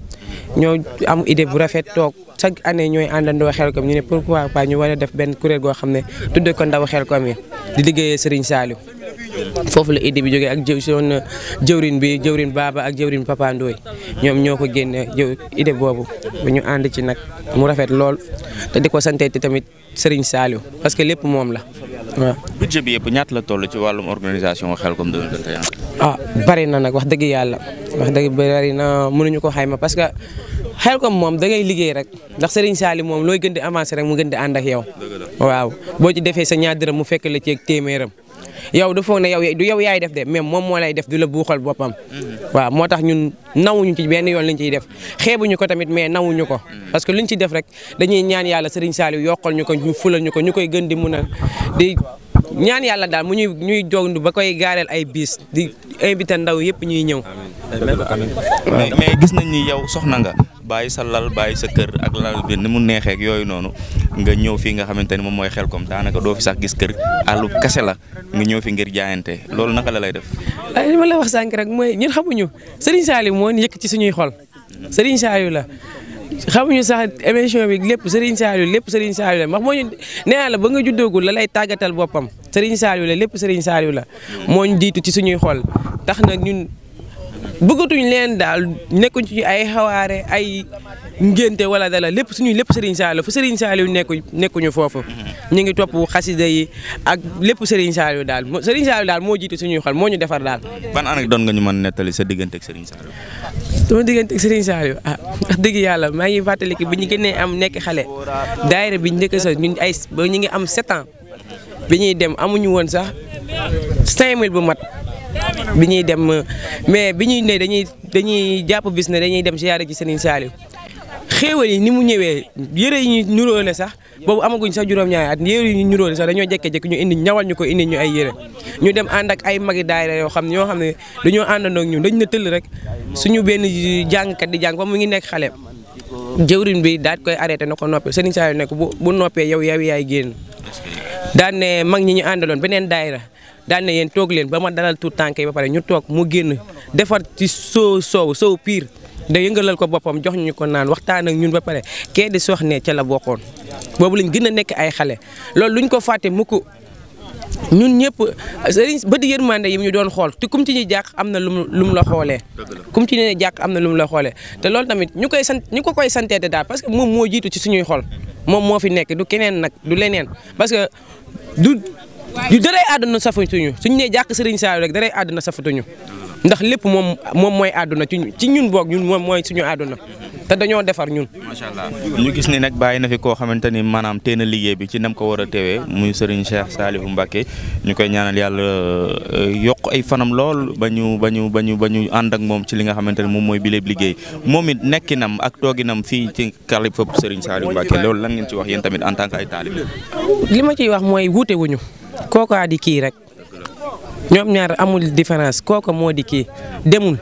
ñoo am idée bu rafet toog ca année ñooy àndandoo xelkom ñu ne pourquoi pas ñu war a def benn kuréel goo xam ne tudde ko ndaw xelkom yi di liggéeyee Serigne Saliou foofu la idée bi jógee ak jëw soon jëwrin bi jëwrin baaba ak jëwrin papa Ndoy ñoom ñoo ko génne jëw idée boobu ba ñu ànd ci nag mu rafet lool te di ko santee tamit Serigne Saliou parce que lépp moom la waaw. budget yëpp ñaata la toll ci wàllum organisation xelkom ah, nag wax dëgg yàlla wax dëgg bari na ko xayma parce que. xel kom moom da ngay liggéey rek ndax Serigne Saali moom looy gën di avancer rek mu gën di ànd ak yow waaw boo ci defee sa ñaar dërëm mu fekk la ceeg téeméeram yow du foog na yow du yow yaay def de même moom moo lay def di la buuxal boppam mm-hmm. waaw moo tax ñun nawuñu ci benn yoon liñ ciy def xeebuñu ko tamit mais nawuñu ko mm-hmm. parce que ñu ci def rek dañuy ñaan yàlla Serigne Saali yokkal ñu ko ñu fulal ñu ko ñu koy gën di mun a di ñaan yàlla daal mu ñuy ñuy jognd ba koy gaareel ay biis di invité ndaw yëpp ñuy ñëw. mais gis nañ ni yow soxna nga. bàyyi sa lal bàyyi sa kër ak lal bi ni mu neexee ak yooyu noonu nga ñëw fii nga xamante ni moom mooy Xelcom daanaka doo fi sax gis kër àllu kase la nga ñëw fi ngir jaayante loolu naka la lay def. ay ah, la wax sànq rek mooy ñun xamuñu Serigne Saliou moo yëkk ci suñuy xol sëriñ Saliou la xamuñu sax émission bi lépp Serigne Saliou lépp Serigne Saliou la wax moo ñu nee ba nga juddoogul la lay tàggatal boppam. sëriñ Saliou la lépp sëriñ Saliou la moo ñu jiitu ci suñuy xol tax na ñun bëggatuñ leen daal nekkuñ ci ay xawaare ay ngénte wala dala lépp suñuy lépp Serigne Saliou fu Serigne Saliou nekku nekkuñu foofu ñu ngi topp xasida yi ak lépp sëriñ Saliou daal Serigne Saliou daal moo jiitu suñuy xol moo ñu defar daal. ban année doon nga ñu mën nettali sa diggante ak Serigne Saliou. sama diggante ak Serigne Saliou ah wax yàlla maa ngi fàttaliku bi ñu gënee am nekk xale daayira bi njëkk sa ñun ay ba ñu ngi am 7 bi ñuy dem amuñu woon sax 5000 bu mat bi ñuy dem mais bi ñuy ne dañuy dañuy jàpp bis ne dañuy dem siyaare ci Serigne Saliou xéewal yi ni mu ñëwee yëre yi ñu nuróole sax boobu amaguñ sax juróom-ñaari at yëre yi ñu nuróole sax dañoo jékki-jékki ñu indi ñawal ñu ko indi ay yëre ñu dem ànd ak ay magi daayira yoo xam ne ñoo xam ne dañoo àndandoo ak ñun dañ na tëll rek suñu benn jàngkat di jàng ba mu ngi nekk xale jëwriñ bi daal koy arrêté na ko noppee Serigne Saliou nekk bu bu noppee yow yow yaay génn daan ne mag ñi ñu àndaloon beneen daayira daan ne yéen toog leen ba ma dalal tuut tànk yi ba pare ñu toog mu génn defar ci soow soow soow piir da yëngalal ko boppam jox ñu ko naan waxtaan ak ñun ba pare kee di sox ne ca la bokkoon boobu lañ gën a nekk ay xale loolu luñ ko fàtte mukk ñun ñëpp sëriñ ba di yërmande yi ñu doon xool te kum ci ñi jàq am na lum lu mu la xoolee kum ci ne jàq am na lu mu la xoolee te loolu tamit ñu koy sant ñu ko koy santeete daal parce que moom moo jiitu ci suñuy xol moom moo fi nekk du keneen nag du leneen du du daray àdduna safatuñu suñu nee jàkk Serigne Saliou rek daray àdduna safatuñu ndax lépp moom mooy àdduna ci ñun ci boog ñun moom mooy suñu àdduna te dañoo defar ñun. macha allah ñu gis ni nag bàyyi na fi koo xamante ni maanaam tee na liggéey bi ci nam ko war a teewee muy Serigne Cheikh Salihou Mbacké ñu koy ñaanal yàlla euh, yokk ay fanam lool ba ñu ba ñu ba ñu ba ñu ànd ak moom ci li nga xamante ni moom mooy bileeb liggéey moom it nekkinam ak tooginam fii ci kàlla fëpp Serigne Salihou Mbacké loolu lan ngeen ci wax yéen tamit en tant que ay taalib. li ma ciy wax mooy wuute wuñu kooku a di ñoom ñaar amul différence kooku moo di kii demul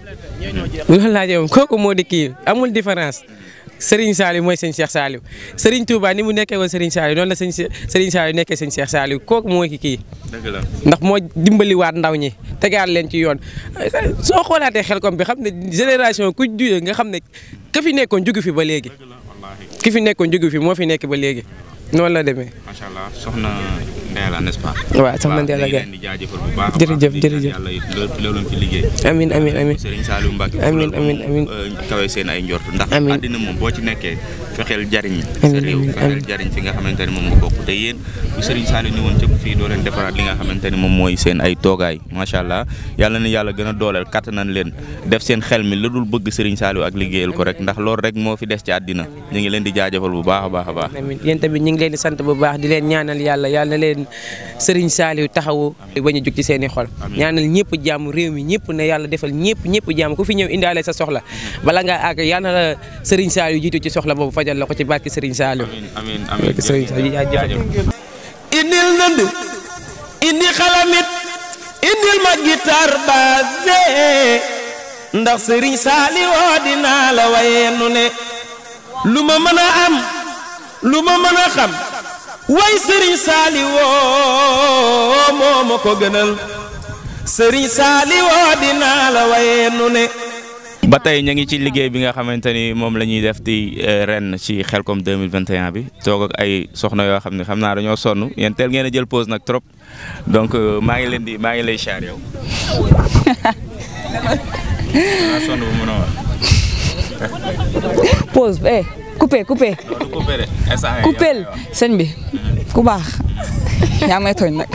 loolu laa jëm kooku moo di kii amul différence Serigne Saliou mooy sëñ Cheikh Saliou Serigne Touba ni mu nekkee woon Serigne Saliou noonu la sëñ Serigne Saliou nekkee sëñ Cheikh Saliou kooku mooy ki kii. ndax moo dimbaliwaat ndaw ñi tegaat leen ci yoon soo xoolaatee xel xelkom bi xam ne génération ku juyee nga xam ne ka fi nekkoon jugu fi ba léegi. ki fi nekkoon jugu fi moo fi nekk ba léegi noonu la demee. macha allah soxna. Mandela n'est-ce pas. waaw sax Mandela Gaye jërëjëf jërëjëf amiin amiin amiin amiin amiin amiin kawe seen nekkee fexeel jariñ sa nga xamante ne moom nga bokk te yéen bu Serigne Saliou ni woon cëpp fii doo leen defaraat li nga xamante ne moom mooy seen ay toogaay macha allah yàlla na yàlla gën a dooleel kàttanan leen def seen xel mi la dul bëgg Serigne Saliou ak liggéeyal ko rek ndax loolu rek moo fi des ci àddina ñu ngi leen di jaajëfal bu baax baax a baax yéen tamit ñu ngi leen di sant bu baax di leen ñaanal yàlla yàlla leen leen Serigne Saliou taxawu bañ a jug ci seen i xol ñaanal ñëpp jàmm réew mi ñëpp ne yàlla defal ñëpp ñëpp jàmm ku fi ñëw indaale sa soxla bala ngaa àgg yàlla na la Serigne Saliou jiitu ci soxla boobu fajal la ko ci barki Serigne Saliou indil ndënd indi xalamit indil ma guitar basse ndax Serigne Saliou dinaa la waye ne lu ma mën a am lu ma mën a xam way sëriñ saali woo oh, moo ma ko gënal sëriñ saali woo oh, dinaa la waye ne ba tey ñu ngi ci liggéey bi nga xamante ni moom la ñuy def di eh, ren ci xelkom 2021 bi toog ak ay soxna yoo xam ne xam naa dañoo sonn yéen teel ngeen a jël pause nag trop donc euh, maa ngi leen di maa ngi lay char coupé coupé. coupéel sëñ bi ku baax yaa may tooñ nag.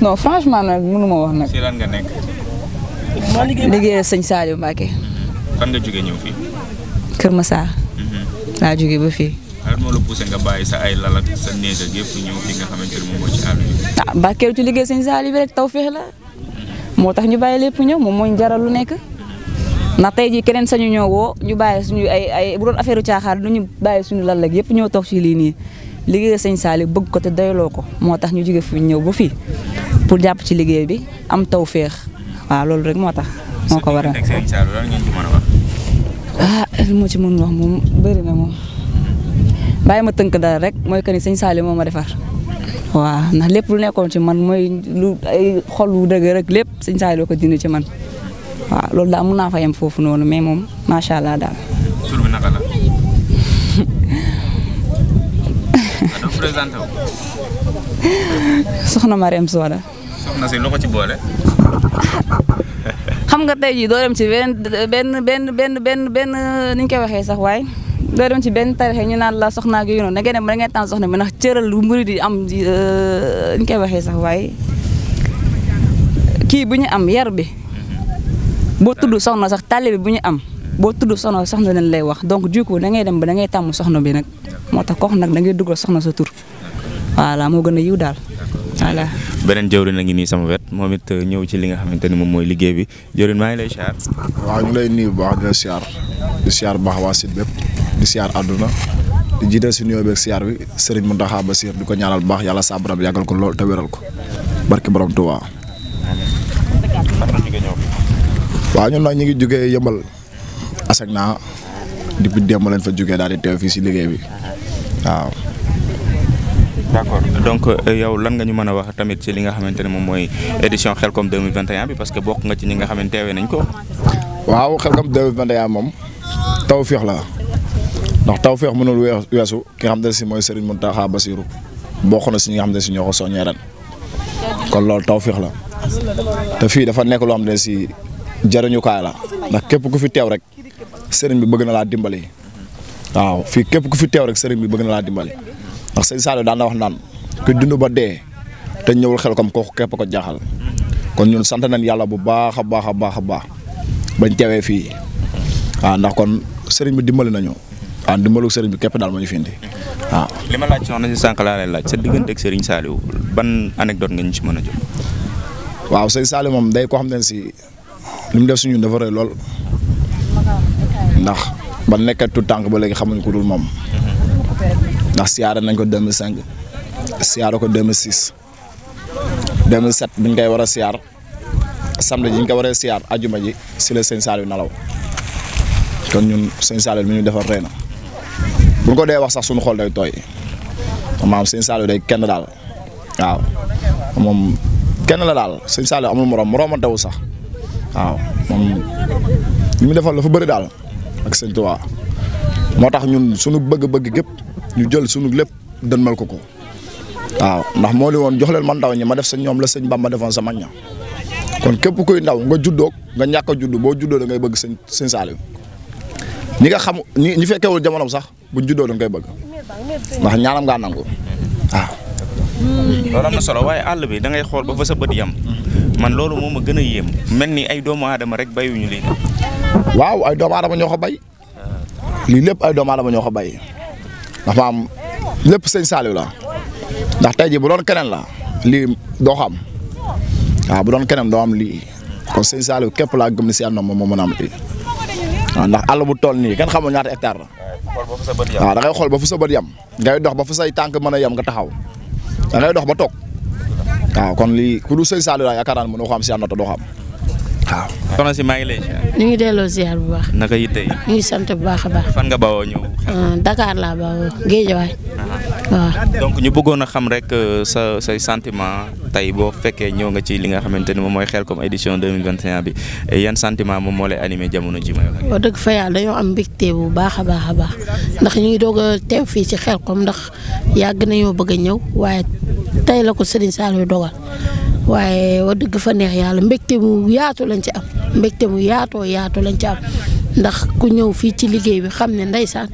non franchement nag mënu wax nag. si lan nga nekk. fan nga jógee ñëw fii. Kër Massar. Mhm. laa jógee ba fii. lan moo fi ah, ci liggéey sëñ Saliou bi rek taw féex la. moo tax ñu bàyyi lépp ñëw moom moo ñu lu nekk ndax tey jii keneen sañu ñoo ñu bàyyi suñu ay ay bu doon affaire caaxaan du ñu bàyyi suñu lal ak yëpp ñoo toog ci lii nii liggéey sëñ Saali bëgg ko te doyloo ko moo tax ñu jóge fu ñëw ba fii pour jàpp ci liggéey bi am taw féex waa loolu rek moo tax moo ko waral ah ci mën wax moom bëri na moom bàyyi ma tënk dara rek mooy que ni sëñ Saali moo ma defar waaw ndax lépp lu nekkoon ci man mooy lu ay xol wu dëgg lépp sëñ Saliou ko dindi ci man waaw loolu daal mun naa fa yam foofu noonu mais moom macha allah daal. tur bi soxna Mariam Soda. soxna si xam nga tey jii doo dem ci benn benn benn benn benn koy waxee sax waaye. doo dem ci benn tarixe ñu naan la soxnaa gi yonoon da ngay dem da ngay tànn soxna bi ndax cëral lu mbiri di am euh, ñu koy waxee sax waaye kii bu ñu am yar bi boo tudd soxna sax taalibe bu ñu am boo tudd soxna na leen lay wax donc du coup da ngay dem ba da ngay soxna bi nag moo tax kooku nag da ngay dugal soxna sa tur voilà moo gën a yiw daal voilà. beneen jëwriñ a ngi nii sama wet moom it euh, ñëw ci li nga xamante ni moom mooy liggéey bi jëwriñ maa ngi lay siyaar. waaw ñu lay nuyu bu baax di siyaar àdduna di jiital si nuyoo beeg siyaar bi Serigne Mountakha Bassir di ko ñaanal bu baax yàlla sàbbaram yàggal ko lool te wéral ko barki borom Touba. waaw ñun nag ñu ngi jugee yëmbal asek naa depuis démb leen fa jugee daal di teew fii si liggéey bi waaw. d'accord donc euh, yow lan nga ñu mën a wax tamit ci li nga xamante ne moom mooy édition Xelcom 2021 bi parce que bokk nga ci ñi nga xam ne teewee nañ ko. waaw Xelcom 2021 moom tawfeex ndax taw feex mënul weesu ki nga xam ne si mooy Serigne Mountakha Bassirou bokk na si ñi nga xam ne si ñoo ko soññee ren kon loolu taw feex la te fii dafa nekk loo xam ne si jariñukaay la ndax képp ku fi teew rek sëriñ bi bëgg na laa dimbali waaw fii képp ku fi teew rek Serigne bi bëgg na laa dimbali ndax Serigne Saliou daan na wax naan ku dund ba dee te ñëwul xel kom kooku képp ko jaaxal kon ñun sant nañ yàlla bu baax a baax a baax a baax bañ teewee fii waaw ndax kon sëriñ bi dimbali nañu. ah dimbalu sëriñ bi képp daal moo ñu fi indi waaw. Ah. li ma laaj soxna si sànq laa lay laaj sa diggante ak sëriñ Saliou ban anecdote nga ñu si mën a jox. waaw sëriñ Saliou moom day koo xam ne si li mu def suñu dafa rëy lool ndax ba nekkatu tànk ba léegi xamuñ ko moom ndax siyaare nañ ko 2005 siyaare ko 2006 2007 biñ koy war a siyaar samedi jiñ ko war a siyaar ajuma ji si la sëriñ Saliou nalaw kon ñun sëriñ Saliou mi ñu defar rëy na. buñ ko dee wax sax suñu xol day tooy maam sëñ Saliou day kenn daal waaw moom kenn la daal sëñ Saliou amul morom morooma dawul sax waaw moom li mu defal daal ak sëñ moo tax ñun suñu bëgg-bëgg gépp ñu jël suñu lépp dënmal ko ko waaw ndax moo li woon jox leen man ndaw ñi ma def sa ñoom la sëñ ma defoon sa mag ña kon képp kuy ndaw nga juddoo nga ñàkk a judd boo juddoo da ngay bëgg sëñ sëñ Saliou ñi nga xam ñi fekkewul jamonoom sax bu juddoo dañ koy bëgg ndax ñaanam ngaa nangu waaw. loolu am na solo waaye àll bi da ngay xool ba fa sa bët yam man loolu moom a gën a yéem mel ni ay doomu aadama rek bayuñu lii. waaw ay doomu aadama ñoo ko bay lii lépp ay doomu aadama ñoo ko bay ndax maam lépp sëñ Saliou la ndax tey jii bu doon keneen la lii doxam xam waaw bu doon keneen doo am lii kon sëñ Saliou képp laa gëm ne si àndoom moom moo mën a waaw ndax àll bu toll nii kenn xamul ñaata hectare la. waaw da ngay xool ba fu sa bët yam ngay dox ba fu say tànk mën a yam nga taxaw da ngay dox ba toog waaw kon lii ku du sëñ Saliou yaakaar naa ne mënoo am si ànd doo xam. waaw. si maa ngi lay ñu ngi delloo ziar bu baax. naka yitte yi. ñu ngi sant bu baax a baax. fan nga bawoo ñëw. Ah, Dakar laa bawoo Géejawaay. Ah. waaw donc ñu bëggoon a xam rek euh, sa say sentiment tey boo fekkee ñëw nga ci li nga xamante ni moom mooy Khelcom édition 2021 bi yan moom moo lay animé jamono ji may wax. o dëgg fa yàlla dañoo am mbégte bu baax a baax a baax ndax ñu ngi doog a teew fii ci Khelcom ndax yàgg nañoo bëgg a ñëw waaye tey la ko Serigne Saliou dogal. waaye wax dëgg fa neex yàlla mbégte mu yaatu lañ ci am mbégte mu yaatoo yaatu lañ ca am ndax ku ñëw fii ci liggéey bi xam ne ndeysaan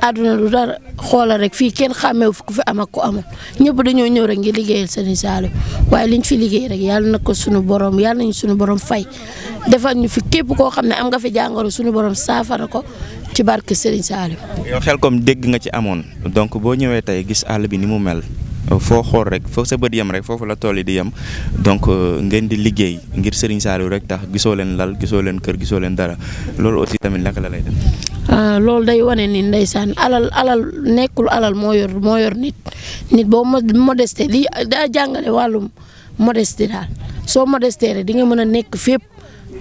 àdduna du dara xoolal rek fii kenn xàmmeewu ku fi am ak ku amul ñëpp dañoo ñëw rek ngi liggéeyal Serigne Saliou waaye liñ fi liggéey rek yàlla nag ko sunu borom yàlla nañ sunu borom fay defal ñu fi képp koo xam ne am nga fi jàngoro sunu borom saafara ko ci barke Serigne Saliou. yow xel comme dégg nga ci amoon donc boo ñëwee tey gis àll bi ni mu mel. foo xool rek foo sa bët yem rek foofu la tool yi di yem donc euh, ngeen di liggéey ngir Serigne Saliou rek tax gisoo leen lal gisoo leen kër gisoo leen dara loolu aussi tamit naka la lay def. Ah, loolu day wane ni ndeysaan alal alal nekkul alal moo yor moo yor nit nit boo modeste lii daa jàngale wàllum modeste daal soo modeste rek di nga mën a nekk fépp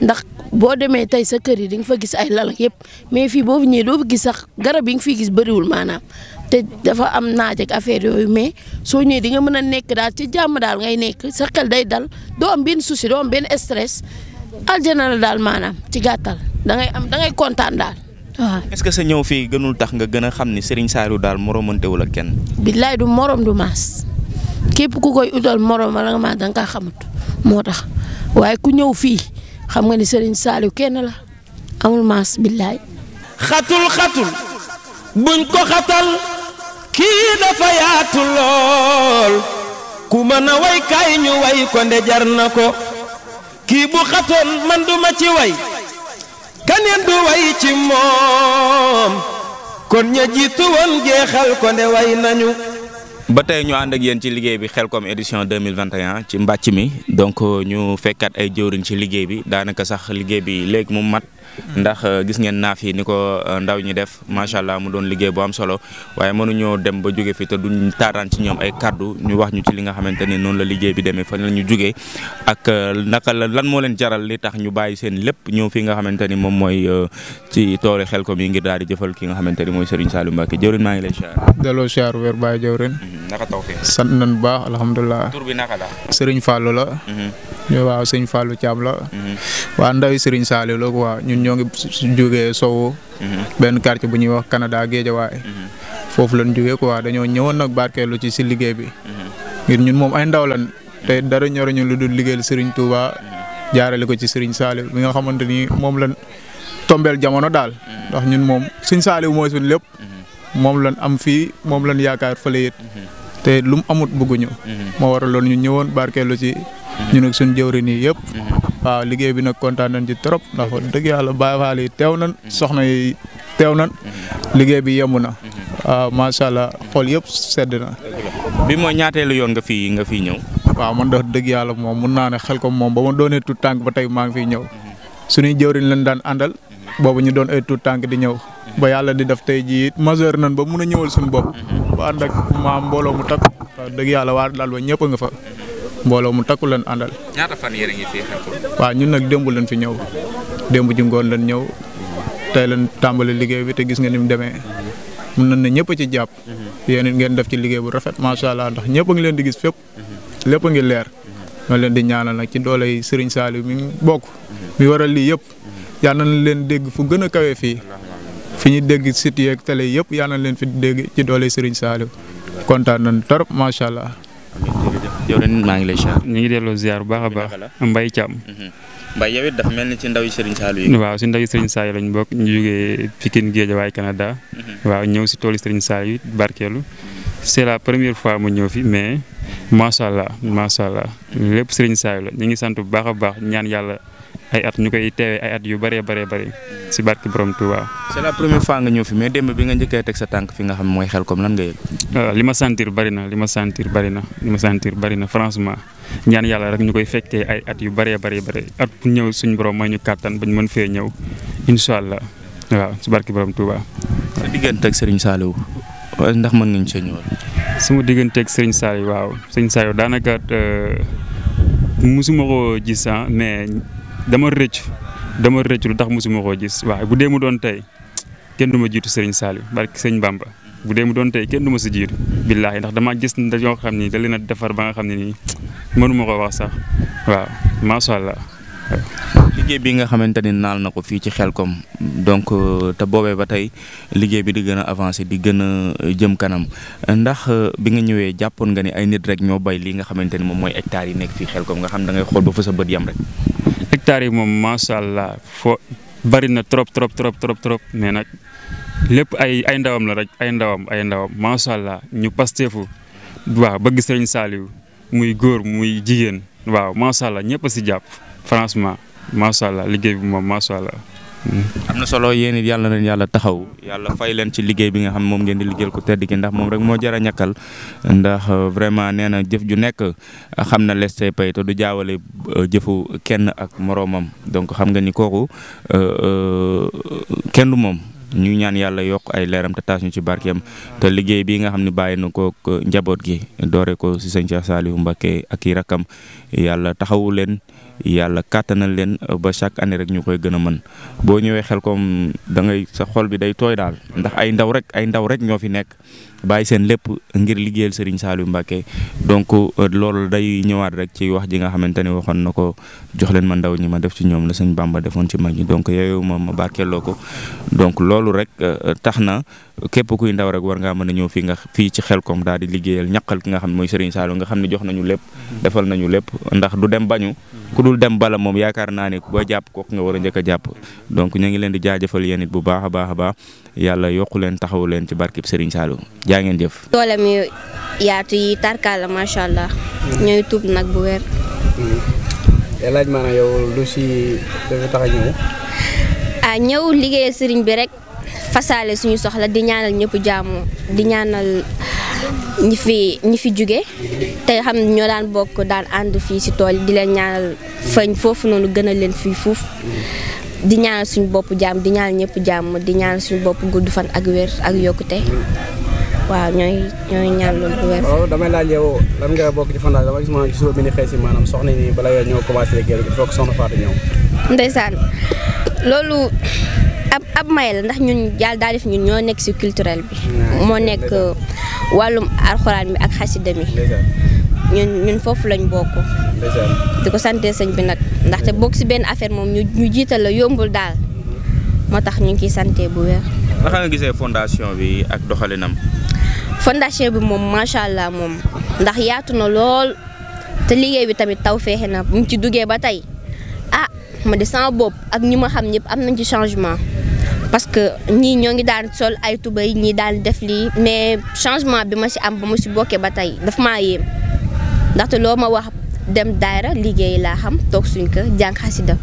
ndax boo demee tey sa kër yi di nga fa gis ay lal ak yëpp mais fii boo fi ñëwee doo fi gis sax garab yi nga fiy gis bëriwul maanaam te dafa am naaj ak affaire yooyu mais soo nga mën a nekk daal ci jàmm daal ngay nekk sa xel day dal doo am benn souci doo am benn stress aljana la daal maanaam ci gàttal da ngay am da ngay kontaan daal waaw. Ah. est-ce que sa ñëw fii gënul tax nga gën a xam ni Serigne Saliou daal moromantewul ak kenn. billaay du morom du maas képp ku koy utal morom la nga maas da nga kaa xamut moo tax waaye ku ñëw fii xam nga ni Serigne Saliou kenn la amul maas billaay. xatul xatul buñ ko xatal. kii dafa yaatu lool ku mën a ñu way ko nde jar na ko kii bu xatoon man duma ci way kaneen du way ci moom kon ña jiitu woon jeexal ko nde way nañu ba tey ñu ànd ak yéen ci liggéey bi Xelcom édition 2021 ci mbàcc mi donc ñu fekkaat ay jëwriñ ci liggéey bi daanaka sax liggéey bi léegi mu mat ndax euh, gis ngeen naaf yi ni ko euh, ndaw ñi def macha allah mu doon liggéey bu am solo waaye mënuñoo dem ba jóge fi te duñ taataan ci ñoom ay kàddu ñu wax ñu ci li nga xamante ni noonu la liggéey bi demee fan la ñu jógee ak euh, naka la lan moo leen jaral li tax ñu bàyyi seen lépp ñëw fi nga xamante ni moom mooy ci xel ko yi ngir daal di jëfal ki nga xamante ni mooy Serigne Saliou Mbacké jëwrin maa ngi lay siyaar. delloo siyaar wér baay jëwrin. Mm-hmm. naka taw fee. sant nañ bu baax bi naka waaw sëñ Fallou Thiam la. Mhm. waa ndawi Serigne Saliou la waa ñun ñoo ngi jógee Sow. Mhm. benn karti bu ñuy wax kanada Canada Guédiawaye. Mhm. foofu lañ jógee waa dañoo ñëwoon nag barkeelu ci si liggéey bi. ngir ñun moom ay ndaw te dara ñoruñu lu dul liggéeyal Serigne Touba. jaarale ko ci Serigne Saliou mi nga xamante ni moom lañ tombeel jamono daal. ndax ñun moom Serigne Saliou mooy suñu lépp. moom lañ am fii moom lañ yaakaar fële it. te lu mu amut bëgguñu. Mhm. moo waral loolu ñu ñëwoon barkeelu ci. Mhm. ñun ak suñu jëwriñ yi yëpp. Mhm. waaw liggéey bi nag kontaan nañ ci trop ndax dëgg yàlla Baay yi teew nan soxna yi teew nañ liggéey bi yemb na. waaw macha allah xol yëpp sedd na. bi mooy ñaateelu yoon nga fi nga fi ñëw. waaw man de dëgg yàlla moom mun naa ne xel ko moom ba ma doonee tuut tànk ba tey maa ngi fiy ñëw. suñuy jëwriñ lañ daan àndal. boobu ñu doon ay tuut tànk di ñëw. ba yàlla di def tey jii it majeur nan ba mun a ñëwal suñu bopp. ba ànd ak maam mbooloo mu takku wax yàlla waar daal ba ñëpp nga fa. mbooloo mu takku leen àndal. ñaata fan yéen a ngi fi waaw ñun nag démb lañ fi ñëw démb ci ngoon lañ ñëw tey lañ tàmbali liggéey bi te gis nga ni mu demee mun nañ ne ñëpp ci jàpp. yéen ngeen def ci liggéey bu rafet macha allah ndax ñëpp a ngi leen di gis fépp. lépp ngi leer. ma leen di ñaanal nag ci dooley Serigne Saliou mi bokk. mi waral lii yëpp. yàlla na leen dégg fu gën a kawe fii. fi ñu dégg site yeeg télé yëpp yal leen fi dégg ci doole Serigne Saliou kontaan nañ trop macha allah. yow ren maa ngi lay ziar. ñu ngi delloo ziar bu baax a baax. Mbaye Thiam. Mhm. Mbaye yow it dafa mel ni ci ndaw yi Serigne Saliou yi. waaw si ndaw yi Serigne Saliou lañ bokk ñu jógee Pikine Guédiawaye Canada. Mhm. waaw ñëw si toolu Serigne Saliou yi barkeelu. c'est la première fois mu ñëw fi mais macha allah macha allah lépp Serigne Saliou la ñu ngi sant bu baax a baax ñaan yàlla. ay at ñu koy teewee ay at yu bëree bëree bëri si barki borom Touba. c'est la première fois nga ñëw fi mais dem bi nga njëkkee teg sa tànk fi nga xam mooy xel comme lan nga yëg. Euh, li ma sentir bëri na li ma sentir bëri na ma sentir bëri na franchement ñaan yàlla rek ñu koy fekkee ay at yu bëree bëri bëri at bu ñëw suñ borom mooy ñu kattan ba ñu mën fee ñëw incha allah waaw si barki borom Touba. sa diggante ak Serigne Saliou ndax mën nga ñu see ñëwal. sama diggante ak Serigne Saliou waaw Serigne Saliou daanaka euh, musuma ko gis ah, mais. dama rëcc dama rëcc lu tax mosuma koo gis waaye bu dee mu doon tey kenn du ma jiitu Serigne Saliou barke Serigne Bamba bu dee mu doon tey kenn du ma si jiitu billaahi ndax damaa gis dañoo xam ni da leen a defar ba nga xam ne nii mënuma koo wax sax waaw macha allah. liggéey bi nga xamante ni naal na ko fii ci xel Xelcom donc euh, te boobee ba tey liggéey bi di gën a avancé di gën a euh, jëm kanam ndax euh, bi nga ñëwee jàppoon nga ni ay nit rek ñoo bay lii nga xamante ni moom mooy hectares yi nekk fii Xelcom nga xam da ngay xool ba fa sa bët yam rek. hectares yi moom macha allah fo bari na trop trop trop trop trop mais nag lépp ay ay ndawam la rek ay ndawam ay ndawam macha allah ñu pasteefu waa bëgg sëriñ Saliou muy góor muy jigéen waaw macha allah ñëpp a si jàpp francement macha allah liggéey bi moom macha allah. am na solo yéen yàlla nañ yàlla taxaw yàlla fay leen ci liggéey bi nga xam moom ngeen di liggéeyal ku tedd ki ndax moom rek moo jar a ndax euh, vraiment nee na jëf ju nekk euh, xam na les say pay te du jaawale euh, jëfu kenn ak moroomam donc xam nga ni kooku kenn moom. ñu ñaan yàlla yokk ay leeram te taas ñu ci barkeem te liggéey bii nga xam ne bàyyi na ko njaboot gi dooree ko si sëñ Cheikh Saliou Mbacké ak i rakkam yàlla taxawu leen yàlla kàttanal leen ba chaque année rek ñu koy gën a mën boo ñëwee xel kom da ngay sa xol bi day tooy daal ndax ay ndaw rek ay ndaw rek ñoo fi nekk. bàyyi seen lépp ngir liggéeyal Serigne Saliou Mbacké donc euh, loolu day ñëwaat rek ci wax ji nga xamante ne waxoon na ko jox leen ma ndaw ñi ma def ci ñoom la sëñ Bamba defoon ci mag ñi donc yooyu ma ma barkeeloo ko donc loolu rek euh, tax na képp kuy ndaw rek war ngaa mën a ñëw fii nga fii ci Xelcom daal di liggéeyal ñaqal ki nga xam ne mooy Serigne Saliou nga xam ne jox nañu lépp mm-hmm. defal nañu lépp ndax du dem bañu mm-hmm. ku dul dem bala moom yaakaar naa ne ku ba jàpp kook nga war a njëkk a jàpp donc ñu ngi leen di jaajëfal yéen it bu baax a baax a baax yàlla yokku leen taxawu leen ci barkib Serigne Saliou jaa ngeen jëf toolam yu yaatu yi tarkaala macha allah mm-hmm. ñooy tuub nag bu wér laaj maanaam yow lu si dafa tax a ñëw ah sëriñ bi rek fasaale suñu soxla di ñaanal ñëpp jàmm di ñaanal ñi fi ñi fi jóge te xam ñoo daan bokk daan ànd fii ci tool di leen ñaanal fañ foofu noonu gënal leen fii fuuf di ñaanal suñu boppu jàmm di ñaanal ñëpp jàmm di ñaanal suñu boppu gudd fan ak wér ak yokkute waaw ñooy ñooy ñaan loolu bu wér. waaw damay laaj yow lan nga bokk ci fondation dama gis maanaam ci suba bi ni xëy si maanaam soxna yi bala yoo ñëw commencé génn il faut que soxna Fatou ñëw. ndeysaan loolu ab ab may la ndax ñun yàlla daal def ñun ñoo nekk si culturel bi. moo nekk wàllum alxuraan bi ak xasida mi ñun ñun foofu lañu bokk. di ko santee sëñ bi nag ndaxte bokk si benn affaire moom ñu jiital la yombul daal mm-hmm. moo tax ñu ngi ciy santee bu wér. naka nga gisee fondation bi ak doxalinam. fondation bi moom macha allah moom ndax yaatu na lool te liggéey bi tamit taw feexe na bu ñu ci duggee ba tey ah ma di sama bopp ak ñi ma xam ñëpp am nañ ci changement. parce que ñii ñoo ngi daan sol ay tubéy ñii daan def lii mais changement bi ma si am ba ma si bokkee ba tey dafa maa yéem ndaxte loo ma wax dem daayra liggéey laa xam toog suñ ko jàng xasida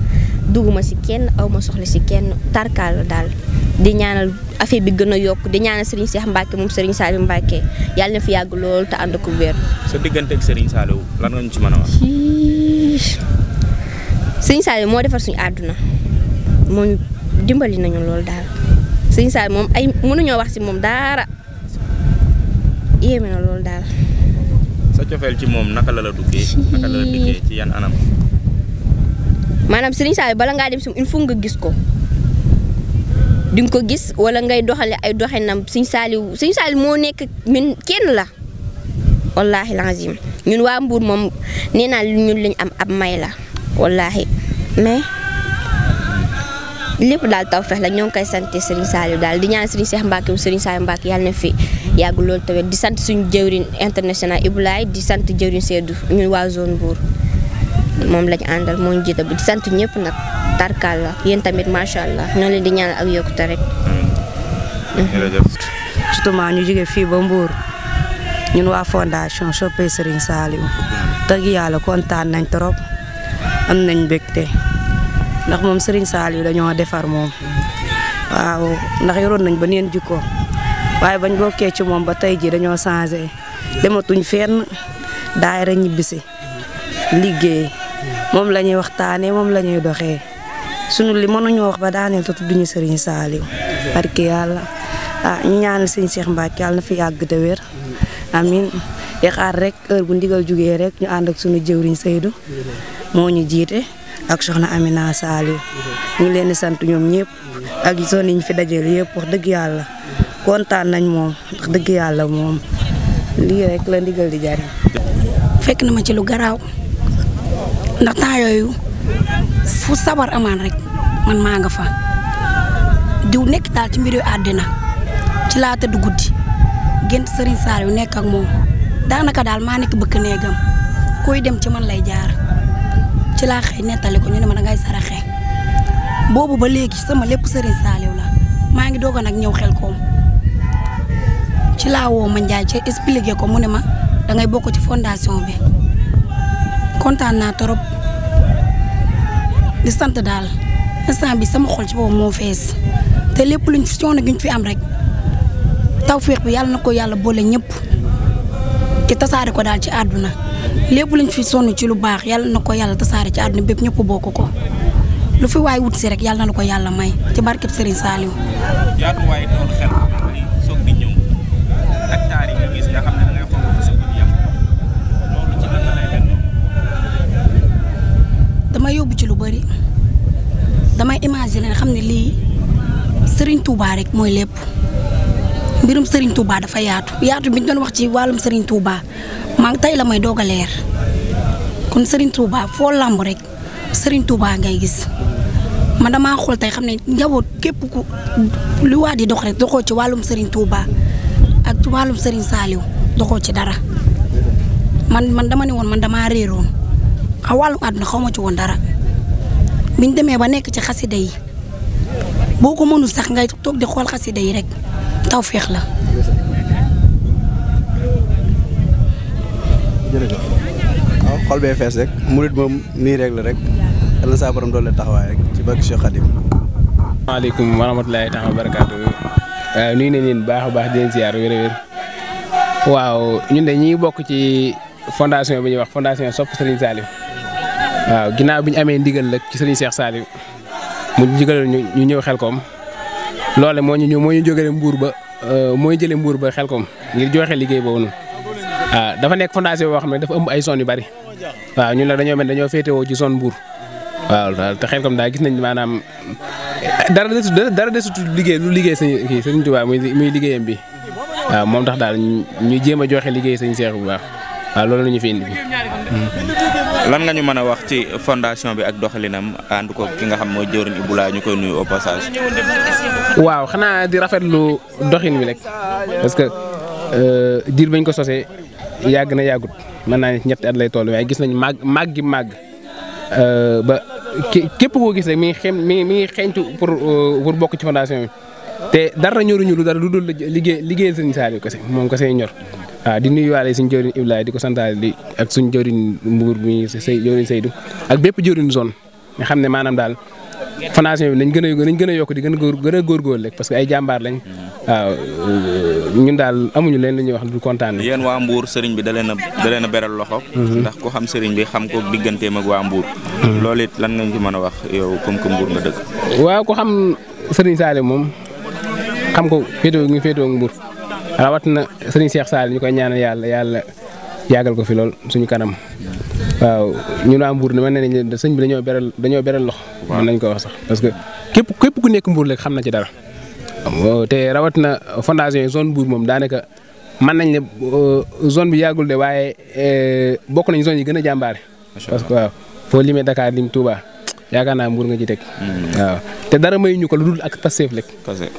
dugg ma si kenn aw ma soxla si kenn tarkaal daal. di ñaanal affaire bi gën a yokk di ñaanal Serigne Cheikh Mbacke moom Serigne Saliou Mbacke yàlla na fi yàgg lool te ànd ko weer sa diggante ak Serigne Saliou lan nga ñu ci mën a moo defar suñu àdduna moo dimbali nañu lool daal Serigne Saliou moom ay nañoo wax si moom dara yéeme na lool daal. sa cofeel ci moom naka la la duggee naka la la duggee ci yan anam. maanaam Serigne Saliou bala ngaa dem si il faut nga gis ko. dinga ko gis wala ngay doxale ay doxinam suñ saaliw suñ saaliw nekk min kenn la wallaahi lazim ñun waa Mbour moom nee naa ñun lañ am ab may la wallaahi mais lépp daal tawfeex la ñoo ngi koy sant Serigne Saliou daal di ñaan Serigne Cheikh Mbacke wu Serigne Saliou Mbacke yàlla na fi yàgg loolu tamit di sant suñu jëwriñ international Ibulaay di sant jëwriñ Seydou ñun waa zone Mbour moom lañ àndal moo ñu jiite di sant ñëpp nag. tarkaal la yéen tamit macha allah ñoo leen di ñaanal ak yokkute rek. Mm-hmm. surtout maa ñu jóge fii ba Mbour ñun waa fondation Soppey Serigne Saliou dëgg yàlla kontaan nañ trop am nañ mbégte ndax moom Serigne Saliou dañoo defar moom waaw ndax yoroon nañ ba neen jikko waaye bañ bokkee ci moom ba tey ji dañoo changé dematuñ fenn daayira ñibbisi liggéey moom la ñuy waxtaanee moom la doxee sunu li mënuñoo wax ba daaneel te tudd ñu Serigne Saliou barke yàlla ah ñu ñaanal sëñ Cheikh Mbacke yàlla na fi yàgg wér amin di xaar rek heure bu ndigal jugee rek ñu ànd ak sunu jëwriñ Seydou moo ñu jiite ak soxna Amina Saliou ñu leen di sant ñoom ñëpp ak zone yi ñu fi dajale yëpp wax dëgg yàlla kontaan nañ moom wax dëgg yàlla moom lii rek la ndigal di jariñ fekk na lu garaaw ndax temps yooyu fu sabar amaan rek man maa nga fa diw nekk daal ci mbiru àddina ci laa tëdd guddi gént Serigne Saliou nekk ak moom daanaka daal maa nekk bëkk néegam koy dem ci man lay jaar ci laa xëy nettali ko ñu ne ma dangay saraxe boobu ba léegi sama lépp Serigne Saliou la maa ngi doog a nag ñëw xel koom ci laa woo ma njaay ci expliqué ko mu ne ma dangay bokk ci fondation bi kontaan naa torop di sant daal instant bi sama xol ci boobu moo fees te lépp luñ fi coono giñ fi am rek tawféex bi yàlla na ko yàlla boole ñépp te tasaare ko daal ci àdduna lépp luñ fi sonn ci lu baax yàlla na ko yàlla tasaare ci àdduna bépp ñëpp bokk ko lu fi waay rek yàlla na ko yàlla may ci barkeb Serigne Saliou. dama yóbbu ci lu bari damay imaginer xam ne lii Serigne Touba rek mooy lépp mbirum Serigne Touba dafa yaatu yaatu bi ñu doon wax ci wàllum Serigne Touba maa ngi tey la may doog a leer kon Serigne Touba foo làmb rek Serigne Touba ngay gis man dama xool tey xam ne njaboot képp ku lu waa di dox rek doxoo ci wàllum Serigne Touba ak wàllum Serigne saaliw doxoo ci dara man man dama ne woon man dama réeroon a wàllum àdduna xaw ma ci woon dara biñ demee ba nekk ci xasida yi boo ko mënul sax ngay toog di xool xasida yi rek taw feex la. jërëjëf ah, bee fees rek murit moom nii rek la rek yal na saa borom doole taxawaay rek ci barke Cheikh Khadim. asalaamaaleykum wa rahmatulaahi taala wa barakaatu. waaw ah, nuyu nañ leen baax a baax di leen ziar wér-wér waaw ñun de ñi bokk ci fondation bi ñuy wax fondation Sopp Serigne Saliou. waaw ginnaaw bi ñu amee ndigal nag ci sëriñ Cheikh Saliou mu digaloon ñu ñu ñëw Xelkom loole moo ñu moo ñu jógale mbuur ba euh, moo jëlee mbuur ba Xelkom ngir joxe liggéey boobu noonu waaw dafa nekk fondation boo xam ne dafa ëmb ay zone yu bari waaw ñu la dañoo mel dañoo féetewoo ci zone mbuur waaw te Xelkom daal gis nañ maanaam dara desut dara desut liggéey lu liggéey sëñ kii sëñ Tuubaa muy muy liggéeyam bi waaw moom tax daal ñu jéem a joxe liggéey sëñ Cheikh bu baax waaw loolu la ñu fi indi bi lan nga ñu mën a wax ci fondation bi ak doxalinam ànd ko ki nga xam mooy jëwriñ Ibou Laye ñu koy nuyu au passage. waaw xanaa di rafet lu doxin bi rek parce que euh, diir bañ ko sosee yàgg na yàggut mën naa ne at lay tool waaye gis nañu màgg màgg màgg euh, ba képp koo gis rek mi ngi xem mi ngi mi ngi xeeñtu pour euh, pour bokk ci fondation bi te dara ñoruñu lu dara lu dul liggéey liggéeyal sëñ Saliou kese moom se ñor. waaw ah, di nuyuwaale suñu jëwriñ Ibrahima di ko santaale di ak suñu jëwriñ Mbour mi say jëwriñ Seydou ak bépp jëwriñ zone nga xam ne maanaam daal fondation bi nañ gën a nañ gën a yokk di gën a góor gën a góorgóorlu rek parce que ay jàmbaar lañ waaw euh, ñun daal amuñu leen li ñuy wax du kontaan. yéen waa Mbour sëriñ bi da leen a da beral loxo. Mhm. ndax ku xam sëriñ bi xam ko digganteem ak waa Mbour. Mhm. lool it lan lañ ci mën a wax yow comme que Mbour nga dëkk. waaw ku xam sëriñ Salim moom xam ko féetewoo ngi féetewoo rawatina sëriñ Cheikh Sall ñu koy ñaanal yàlla yàlla yàggal ko fi lool suñu kanam waaw ñu naa mbuur dama ne ne sëñ bi dañoo beral dañoo beral lox mën nañ ko wax sax parce que képp képp ku nekk mbuur rek xam na ci dara te rawatina fondation yi zone mbuur moom daanaka man nañ ne euh, zone bi yàggul de waaye euh, bokk nañ zone yi gën a jàmbaare parce que waaw foo limee Dakar lim Touba yaakaar naa mbuur nga ci teg hmm. waaw te dara mayuñu ko lu dul ak passeef rek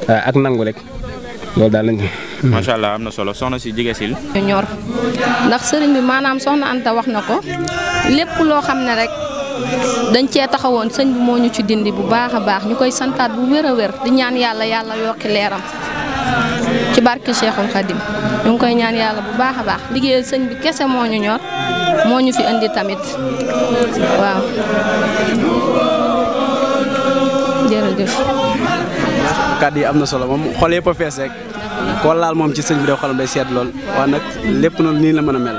ak nangu rek loolu daal lañ macha allah am na solo soxna si jige sil ñor ndax sëriñ bi maanaam soxna Anta wax na ko lépp loo xam ne rek dañ cee taxawoon sëñ bi moo ñu ci dindi bu baax a baax ñu koy santaat bu wér a wér di ñaan yàlla yàlla yokki leeram ci barke Cheikhul Khadim ñu ngi koy ñaan yàlla bu baax a baax liggéeyal sëñ bi kese moo ñu ñor moo ñu fi indi tamit waaw kàddu yi am na solo moom xol yëpp a fees rek koo laal moom ci sëñ bi def xolam day seet lool waaye nag lépp noonu nii la mën a mel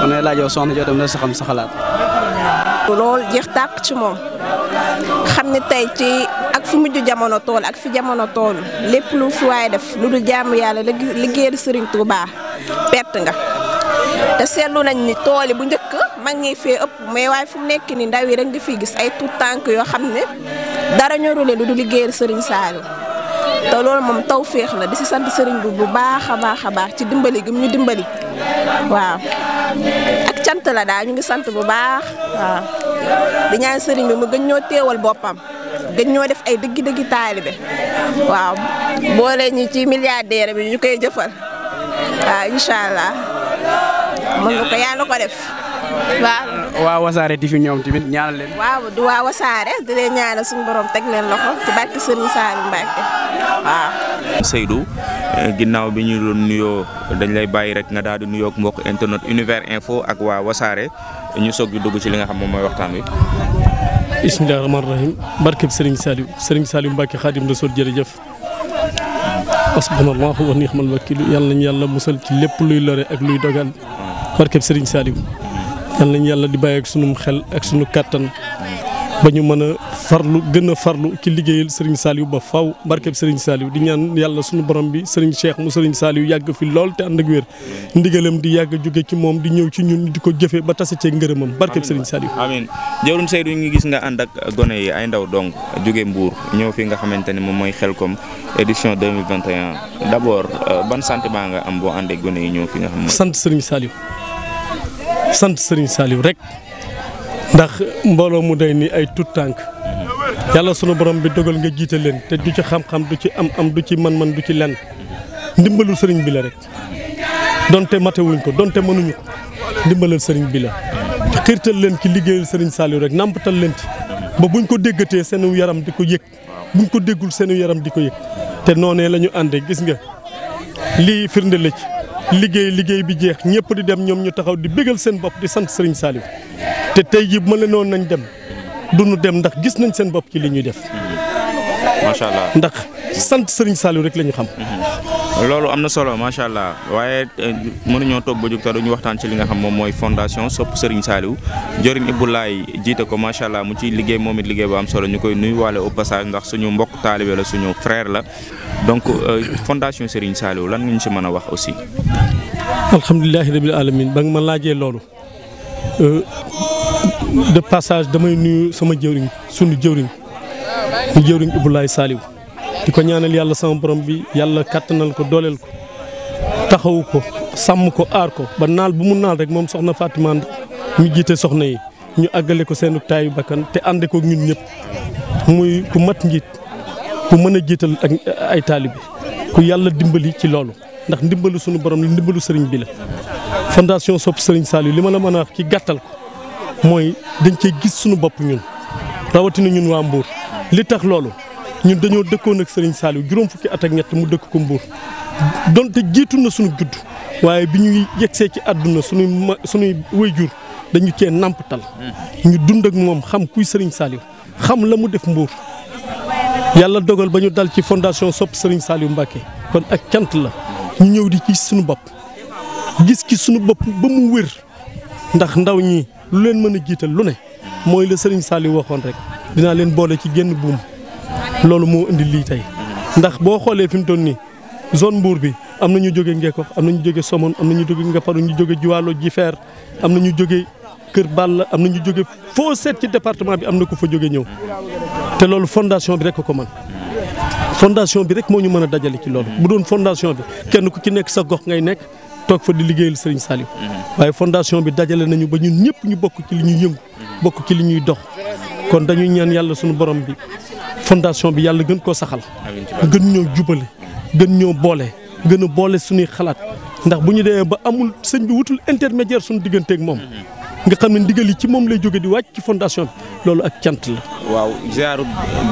kon nag laajoo soxna joo tam la sa xam sa xalaat jeex tàq ci moom xam ne tey ci ak fu mujj jamono tool ak fi jamono tool lépp lu waaye def lu dul jaamu yàlla liggéeyal sëriñ Tuubaa perte nga te seetlu nañ ni tool yi bu njëkk mag ñi fee ëpp mais waaye fu mu nekk ni ndaw yi rek nga fi gis ay tuut tànk yoo xam ne dara ñorule lu du liggéeyal sëriñ Saliou te loolu moom taw féex na di si sant sëriñ bi bu baax a baax a baax ci dimbali gi mu ñu dimbali waaw ak cant la daal ñu ngi sant bu baax waaw di ñaan sëriñ bi mu gën ñoo téewal boppam gën ñoo def ay dëggi-dëggi taalibe waaw boole ñu ci milliardaire bi ñu koy jëfal waaw incha allah mën nga ko yàlla ko def waaw waa wasaare di ñoom tamit ñaanal leen. waaw du waa wasaare di leen ñaanal suñu borom teg leen loxo ci barke Serigne Saliou Mbacke waaw. ginnaaw bi ñu doon nuyoo dañ lay bàyyi rek nga daal di nuyoo mbokk internet univers info ak waa wasaare ñu soog di dugg ci li nga xam moom mooy waxtaan wi. bismillahi rahmaani rahim barkeb Serigne Saliou Serigne Saliou Mbacke xaadim rasul jërëjëf. asbanallahu wa nixmal wakilu yàlla nañu yàlla musal ci lépp luy lore ak luy dogal barkeb Serigne yal nañ yàlla di bàyyi ak sunum xel ak sunu kàttan ba ñu mën a farlu gën a farlu ci liggéeyal Serigne Saliou ba faw barkeb Serigne Saliou di ñaan yàlla sunu borom bi Serigne Cheikh mu Serigne Saliou yàgg fi lool te ànd ak wér ndigalam di yàgg jóge ci moom di ñëw ci ñun di ko jëfee ba tase cee ngërëmam barkeb Serigne Saliou amiin jawrun Seydou ñu gis nga ànd ak gone yi ay ndaw dong jóge mbuur ñëw fi nga xamante ne moom mooy Xelcom édition 2021 d'abord euh, ban sentiment nga am boo àndee gone yi ñëw fi nga xam sant Serigne Saliou sant Serigne Saliou rek ndax mbooloo mu dey nii ay tout tànk yàlla sunu borom bi dogal nga jiite leen te du ci xam-xam du ci am-am du ci man-man du ci lenn ndimbalul sëriñ bila rek donte matewuñ ko donte mënuñu ko ndimbalal sëriñ bila la. leen ci liggéeyal sëriñ Saliou rek nàmpatal leen ci ba buñ ko déggatee seenu yaram di ko yëg buñ ko déggul seenu yaram di ko yëg te noonee lañu ñu àndee gis nga lii firnde la ci. liggéey liggéey bi jeex ñëpp di dem ñoom ñu taxaw di bégal seen bopp di sant sëriñ Saliou te tey jii mën leen noonu nañ dem du ñu dem ndax gis nañ seen bopp ci li ñuy def. macha allah ndax sant Serigne Saliou rek la ñu xam. Mhm. loolu am na solo macha allah waaye eh, mënuñoo toog ba jug te duñu waxtaan ci li nga xam moom mooy fondation Sopp Serigne Saliou Jëriñ Ibou laay jiite ko macha allah mu ciy liggéey moom it liggéey bu am solo ñu koy waale au passage ndax suñu mbokk taalibe la suñu frère la donc euh, fondation Serigne Saliou lan nga ñu si mën a wax aussi. alhamdulilahi rabil alamin ba nga ma laajee loolu euh, de passage damay nuyu sama jëwriñ sunu jëwriñ mu jëwriñ Ibou Laye di ko ñaanal yàlla sama borom bi yàlla kàttanal ko dooleel ko taxawu ko sàmm ko aar ko ba naal bu mu naal rek moom soxna Fatima mi jiite soxna yi ñu àggale ko seenu taayu bakkan te ànd ko ñun ñëpp muy ku mat njiit ku mën a jiital ak ay taalibe ku yàlla dimbali ci loolu ndax ndimbalu sunu borom li ndimbalu sëriñ bi la. fondation Sopp Sëriñ saali li ma la mën a ax ci gàttal ko mooy dañ cee gis sunu bopp ñun rawatina ñun waa Mbour li tax loolu. ñu dañoo dëkkoon ak sëriñ Saliou juróom fukki at ak ñett mu dëkk ko Mbour donte jiitu na suñu judd waaye bi ñuy yegsee ci àdduna suñuy ma suñuy wayjur dañu cee nàmptal ñu dund ak moom xam kuy sëriñ Saliou xam la mu def Mbour yàlla dogal ba ñu dal ci fondation sopp Serigne Saliou Mbacké kon ak cant la ñu ñëw di ci suñu bopp gis ci sunu bopp ba mu wér ndax ndaw ñi lu leen mën a jiital lu ne mooy la Serigne Saliou waxoon rek dinaa leen boole ci génn buum loolu moo indi lii tey ndax boo xoolee fi mu toll nii zone Mbour bi am na ñu jóge Ngeko am na ñu jóge Somone am na ñu jóge Ngaparou ñu jóge Jiwaalo Jifeer am na ñu jóge Kër Ball am na ñu jóge foo seet ci département bi am na ku fa jóge ñëw te loolu fondation bi rek ko man fondation bi rek moo ñu mën a dajale ci loolu bu doon fondation bi kenn ku ci nekk sa gox ngay nekk toog fa di liggéeyal Serigne Saliou waaye fondation bi dajale nañu ba ñun ñëpp ñu bokk ci li ñuy yëngu bokk ci li ñuy dox kon dañuy yàlla suñu borom bi fondation bi yàlla gën koo saxal gën ñoo jubale gën ñoo boole gën a boole suñuy xalaat ndax bu ñu demee ba amul sëñ bi wutul intermédiaire suñu digganteek moom nga xam ne ndigal yi ci moom lay jóge di wàcc ci fondation bi loolu ak cant la. waaw ziaru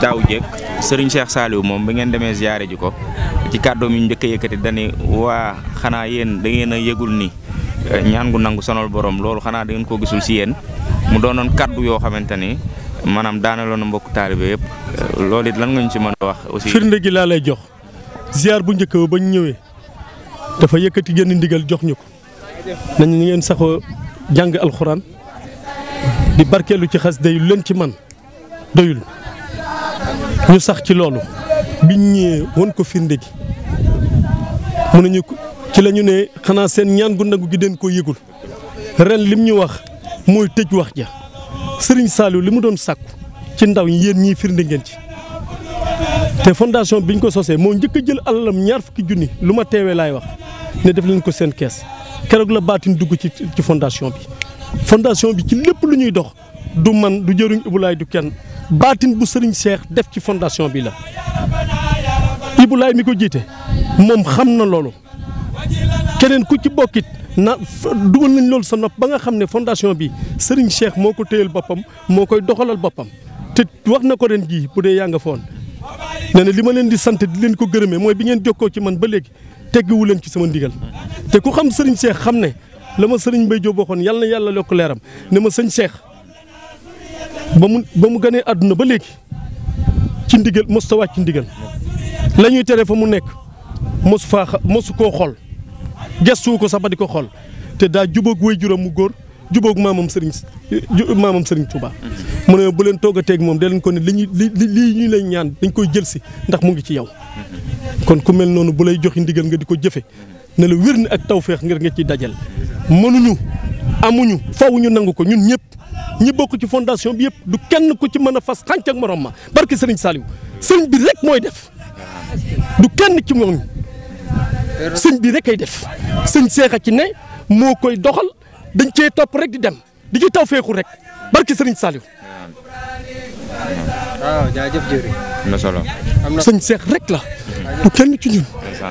daaw jéeg sëriñ Cheikh Saliou moom ba ngeen demee ziare ji ko ci kàddoom yu njëkk a yëkkati dani waa xanaa yéen da ngeen a yëgul ni eh, ñaan gu nangu sonal borom loolu xanaa dangeen ngeen koo gisul si yéen mu doonoon kàddu maanaam daanaloon na mbokku taalibe yëpp loolu it lan nga ñu ci mën wax. aussi firnde gi laa lay jox ziar bu njëkk ba ñu ñëwee dafa yëkkati genn ndigal jox ñu ko nañu ngeen saxoo jàng alxuraan di barkeelu ci xas day leen ci man dayul ñu sax ci loolu biñ ñëwee won ko firnde gi mën nañu ci la ñu ne xanaa seen ñaan gu nangu gi den koo yëgul ren lim ñu wax mooy tëj wax ja. Serigne Saliou li mu doon sàkku ci ndaw ñi yéen ñii firnde ngeen ci te fondation biñ ko sosee moo njëkk a jël alalam ñaar fukki junni lu ma teewee laay wax ne def leen ko seen kees keroog la baatin dugg ci ci fondation bi. fondation bi ci lépp lu ñuy dox du man du jëruñ Ibulaay du kenn baatin bu Serigne Cheikh def ci fondation bi la Ibulaay mi ko jiite moom xam na loolu keneen ku ci bokkit na dugal nañ loolu sa nopp ba nga xam ne fondation bi Serigne Cheikh moo ko téyel boppam moo koy doxalal boppam te wax na ko ren jii bu dee yaa nga foon nee na li ma leen di sant di leen ko gërëmee mooy bi ngeen jokkoo ci man ba léegi teggiwu leen ci sama ndigal te ku xam Serigne Cheikh xam ne la ma Serigne Mbaye Diop waxoon yàlla na yàlla yokk leeram ne ma sëñ Cheikh ba mu ba mu ganee àdduna ba léegi ci ndigal mos ta wàcc ci ndigal la ñuy tere fa mu nekk mosu faa mosu koo xool gëstu ko sax di ko xool te daa juboo way juróom mu góor jubóog maamam Serigne maamam Serigne Touba. mu ne bu leen toog a teeg moom de ko ne li ñu li lii lay ñaan dañ koy jël si ndax mu ngi ci yow. kon ku mel noonu bu lay joxi ndigal nga di ko jëfe ne la wér na ak tawféex ngir nga ciy dajal mënuñu amuñu faw ñu nangu ko ñun ñëpp ñi bokk ci fondation bi yëpp du kenn ku ci mën a fas xànc ak morom ma barki Serigne Saliou Serigne bi rek mooy def du kenn ci moom. sëñ bi rek kay def sëñ seex a ci ne moo koy doxal dañ cee topp rek di dem di ci taw feexul rek barki sëriñ Saliou. waaw jaajëf jëri am na sëñ Seex rek la du kenn ci ñun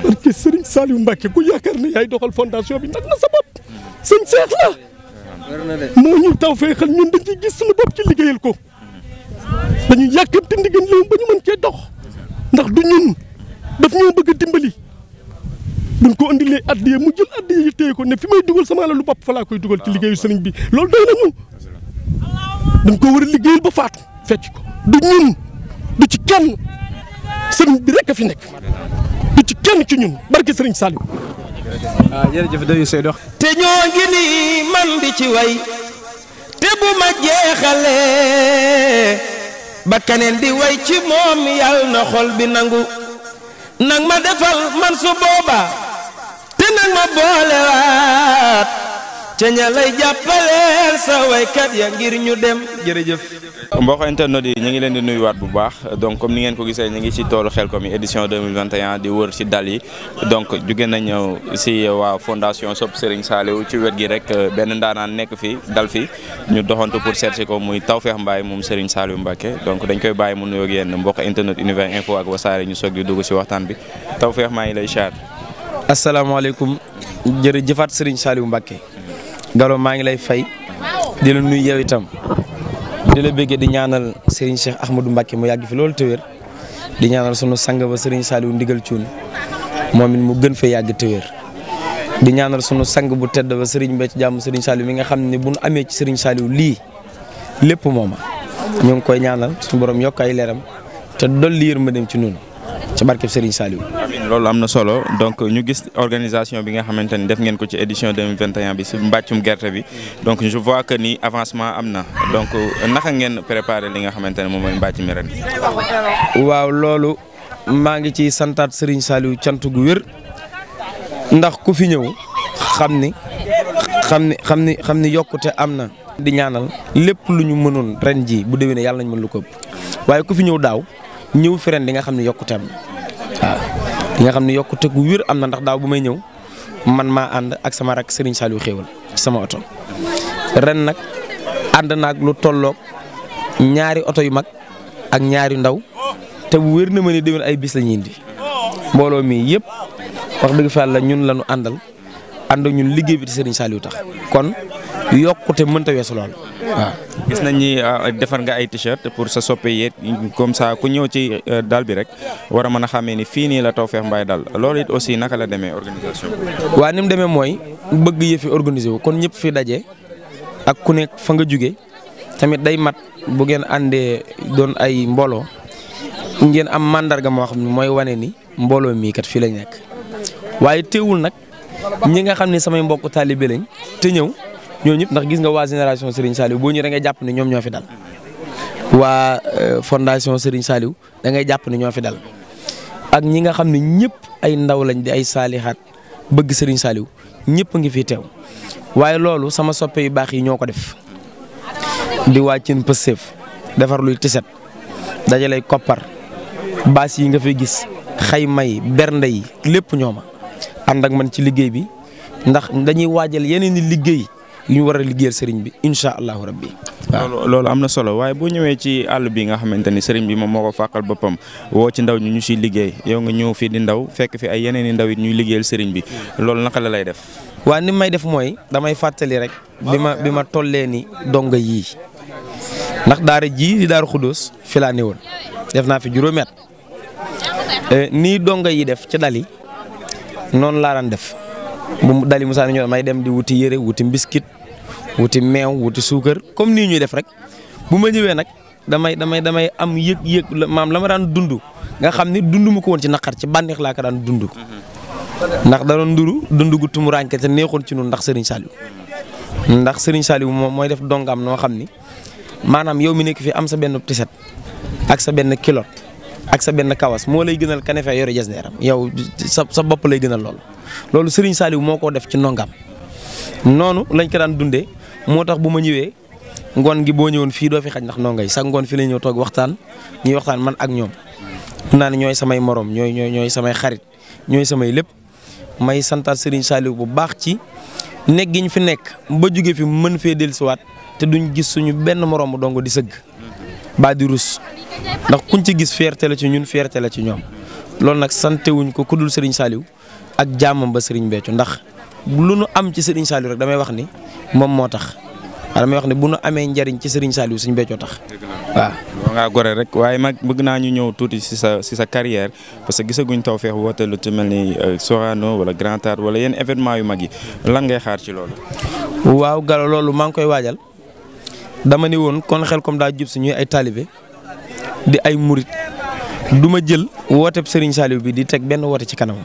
barki sëriñ Saliou Mbacke ku yaakaar ne yaay doxal fondation bi nag na sa bopp sëñ Seex la moo ñu taw feexal ñun dañ ciy gis suñu bopp ci liggéeyal ko dañu yàkkamti ndigal léew ba ñu mën cee dox ndax du ñun daf ñoo bëgg dimbali duñ ko andilee addiye mu jël addiye ko ne fi may dugal sama alalu bopp fa koy dugal ci liggéeyu sëriñ bi loolu doy na ñun dañ ko war a liggéeyal ba faatu fecc ko du ñun du ci kenn sëriñ bi rek a fi nekk du ci kenn ci ñun barke sëriñ Saliou waaw ah, jërëjëf dañu say dox te ñoo ngi nii man di ci way te bu ma jeexalee ba keneen di way ci moom yàlla na xol bi nangu nang ma defal man su boobaa ci nag ca ña lay jàppaleel sa waykat ya ngir ñu dem jërëjëf. mbokk internet yi ñu ngi leen di nuyuwaat bu baax donc comme ni ngeen ko gisee ñu ngi ci toolu xel Xelcom yi édition 2021 di wër ci dal yi donc jóge nañu si waa fondation Sopp Serigne Saliou ci wet gi rek benn ndaanaan nekk fi dal fi ñu doxantu pour chercher ko muy Tawfekh Mbaye moom Serigne Saliou Mbacké donc dañ koy bàyyi mu nuyoog yéen mbokk internet univers info ak wasaare ñu soog di dugg ci waxtaan bi Tawfekh maa ngi lay asalaamaaleykum jërëjëfaat Serigne Saliou Mbacké Gallo maa ngi lay fay di la nuyu yow itam di la bëggee di ñaanal Serigne Cheikh Ahmadou Mbacké mu yàgg fi loolu te di ñaanal sunu sang ba Serigne Saliou ndigal cuun moom mu gën fa yàgg te wér di ñaanal sunu sang bu tedd ba Serigne Mbecc jàmm Serigne Saliou mi nga xam ne bu nu amee ci Serigne Saliou lii lépp mooma ñu ngi koy ñaanal suñu borom yokk ay leeram te ma dem ci noonu. ci barkeb Serigne Saliou. loolu am na solo donc ñu gis organisation bi nga xamante ni def ngeen ko ci édition 2021 bi si mbàccum gerte bi donc je vois que ni avancement am na donc naka ngeen préparé li nga xamante ne moom mooy mbàcc mi ren. waaw loolu maa ngi ci santaat Serigne saaliw cant gu wér ndax ku fi ñëw xam ni xam ni xam ni xam ni yokkute am na. di ñaanal lépp lu ñu mënoon ren ji bu déwénee yàlla nañ mën lu ko ëpp waaye ku fi ñëw daaw. ñëw fi ren di nga xam ne yokkute am waaw di nga xam ne yokkute gu wér am na ndax daaw bu may ñëw man maa ànd ak sama rak Serigne Saliou xéewal sama oto ren nag ànd naag lu tollook ñaari oto yu mag ak ñaari ndaw te wér na ma ni ay bis la ñuy mbooloo mi yëpp wax dëgg fa yàlla ñun la ñu àndal ànd ñun liggéey bi ci Serigne Saliou tax yokkute mënta weesu lool waaw. Ah. gis nañ ni ah, defar nga ay t-shirt pour sa soppe yeet comme ça ku ñëw ci euh, dal bi rek war a mën a xamee ni fii nii la Tawfekh Mbaye daal loolu it aussi naka la demee organisation bi. waa ni mu demee mooy bëgg yëfi organisé wu kon ñëpp fi daje ak ku nekk fa nga jóge tamit day mat bu ngeen àndee doon ay mbooloo ngeen am mandarga moo xam ne mooy wane ni mbooloo mii kat fii lañ nekk waaye teewul nag ñi nga xam ne samay mbokk taalibe lañ te ñëw. ñoo ñëpp ndax gis nga waa génération Serigne Saliou boo ñëwee da ngay jàpp ne ñoom ñoo fi dal waa euh, fondation Serigne Saliou da ngay jàpp ne ñoo fi dal ak ñi nga xam ne ñëpp ay ndaw lañ di ay saalihaat bëgg Serigne Saliou ñëpp ngi fi teew waaye loolu sama soppe yu baax yi ñoo ko def di waa cin pëseef defar luy tiset dajalay koppar baas yi nga fay gis xayma yi bernde yi lépp ñoo ma ànd ak man ci liggéey bi ndax dañuy waajal yeneen i liggéey yu ñu war a bi incha allahu rabbi waaw loolu am na solo waaye boo ñëwee ci àll bi nga xamante ni sëriñ bi moom moo ko fàqal boppam woo ci ndaw ñu ñu siy liggéey yow nga ñëw fii di ndaw fekk fi ay yeneeni i ndaw it ñuy liggéeyal sëriñ bi loolu naka la lay def. waaw ni may def mooy damay fàttali rek bi ma bi ma tollee ni donga yi ndax daara ji di daaru xudóos woon def naa fi juróomi at eh, nii donga yi def ci dali noonu laa daan def bu dali Musaa ñoo may dem di wuti yére wuti mbiskit wuti meew wuti suukar comme nii ñuy def rek bu ma ñëwee nag damay damay damay am yëg yëg maam la ma daan dund nga xam ni dundu mu ko woon ci naqar ci bànneex laa ko daan dund. Mm-hmm. ndax da doon nduru dund gu tumuraanke te neexoon ci ñun ndax Serigne Saliou mm-hmm. ndax Serigne Saliou moom mooy def dongam noo xam ni maanaam yow mi nekk fi am sa benn tiset ak sa benn kilot ak sa benn kawas moo lay gënal kanefe yore jas neeram yow sa sa bopp lay gënal lool loolu Serigne Saliou moo ko def ci ndongam noonu lañ ko daan dundee moo tax bu ma ñëwee ngoon gi boo ñëwoon fii doo fi xaj ndax ndongo yi sax ngoon fi la ñëw toog waxtaan ñuy waxtaan man ak ñoom mun naa ne ñooy samay moroom ñooy ñooy ñooy samay xarit ñooy samay lépp may santaat Serigne Saliou bu baax ci nekk ñu fi nekk ba jóge fi mën fee dellusiwaat te duñ gis suñu benn moromu dongo di sëgg baa di rus ndax kuñ ci gis fierté ci ñun fierté ci ñoom loolu nag sante wuñ ko kuddul Serigne Saliou ak jàmmam ba Serigne Béthio ndax lu nu am ci Serigne Saliou rek damay wax ni moom moo tax waaw damay wax ne bu nu amee njariñ ci Serigne Saliou suñu béccoo tax waaw. waaw ngaa rek waaye mag bëgg naa ñu ñëw tuuti si sa si sa carrière parce que gisaguñ taw feex woote lu ni euh, Sorano wala Grand wala yenn événement yu mag yi lan xaar ci loolu. waaw galo loolu maa ngi koy waajal dama ni woon kon xel comme daa jub si ñuy ay taalibe di ay murit duma ma jël wooteeb sëriñ Saliou bi di teg benn woote ci kanamam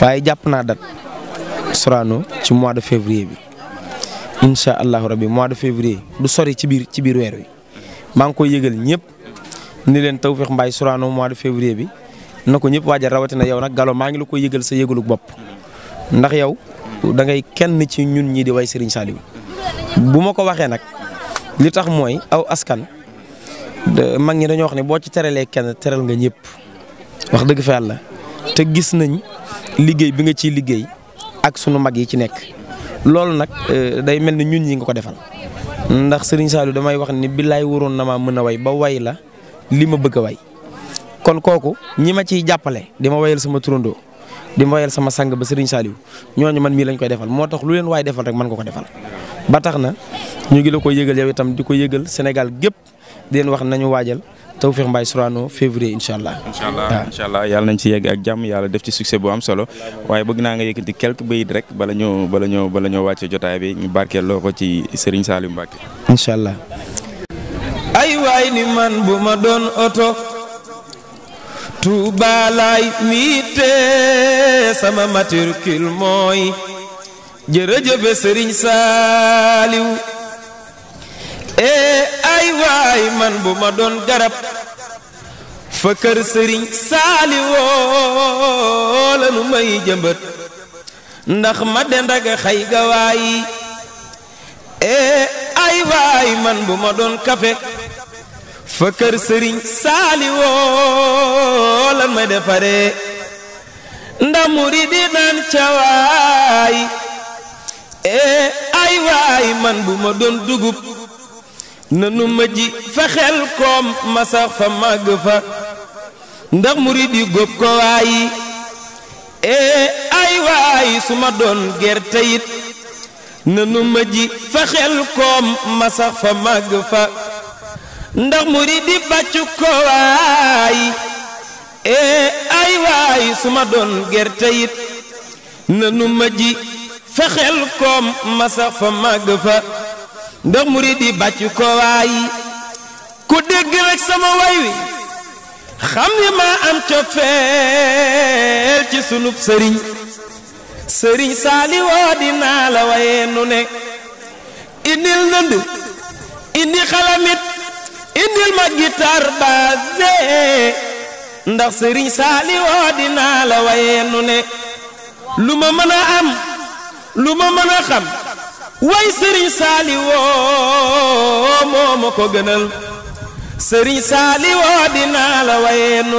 waaye jàpp naa dat Sorano ci mois de février bi. incha allahu rabi mois de février du sori ci biir ci biir weer wi maa ngi koy yëgal ñëpp ni leen Tawfekh Mbaye Sorano mois de février bi na ko ñëpp waajal rawatina yow nag Gallo maa ngi la koy yëgal sa yëgalu bopp ndax yow da ngay kenn ci ñun ñii di way Serigne Saliou bu ma ko waxee nag li tax mooy aw askan mag ñi dañoo wax ne boo ci teralee kenn teral nga ñëpp wax dëgg fa yàlla te gis nañ liggéey bi nga ciy liggéey ak sunu mag yi ci nekk. loolu nag euh, day mel ni ñun ñi nga ko defal ndax sëriñ Saliou damay wax ni billaay waroon na maa mën a way ba way la li ma bëgg way kon kooku ñi ma ciy jàppale di ma wayal sama turandoo di ma wayal sama sang ba Serigne Saliou ñooñu man mii lañ koy defal moo tax lu leen waay defal rek mën nga ko defal ba tax na ñu ngi la ko yëgal yow itam di ko yëgal senegal gépp di leen wax nañu waajal Tawfekh Mbaye Sorano février incha allah. incha allah incha ci yegg ak jàmm yàlla def ci succès bu am solo waaye bëgg naa nga yëkkati quelques bayit rek bala ñoo bala ñoo bala ñoo wàcce jotaay bi ñu barkeeloo ko ci Serigne Saliou Mbacké. incha allah. ay waay ni man bu ma doon oto. Touba laay miite sama matricule mooy jërëjëf Serigne Saliou. ee ay waay man bu ma doon garab fa sëriñ saali woo lanu may jëmbët ndax ma dend ak xay ga ee ay waay man bu ma doon kafe fa kër sëriñ saali woo lan may defare ndax muridi naan cawaay ee ay waay man bu ma doon dugub nanu ma ji fa xel koom e, ma sax fa màgg fa ndax murid yi góob ko ee ay waayi su ma doon gerte it nanu ma ji fa xel koom ma sax fa màgg fa ndax murid yi bàcc ko ee ay waayi su ma doon gerte it nanu ji fa xel koom ma fa màgg fa ndax murid yi bàcc ko waay ku dégg rek sama way wi xam ni maa am cofeel ci sunub sëriñ sëriñ saaliwoo dinaa la waye ne indil nënd indi xalamit indil ma gitar baase ndax sëriñ saaliwoo dinaa la waye ne lu ma mën a am lu ma mën a xam way sëriñ saaliwoo moo ma ko gënal sëriñ saaliwoo dinaa la waye nu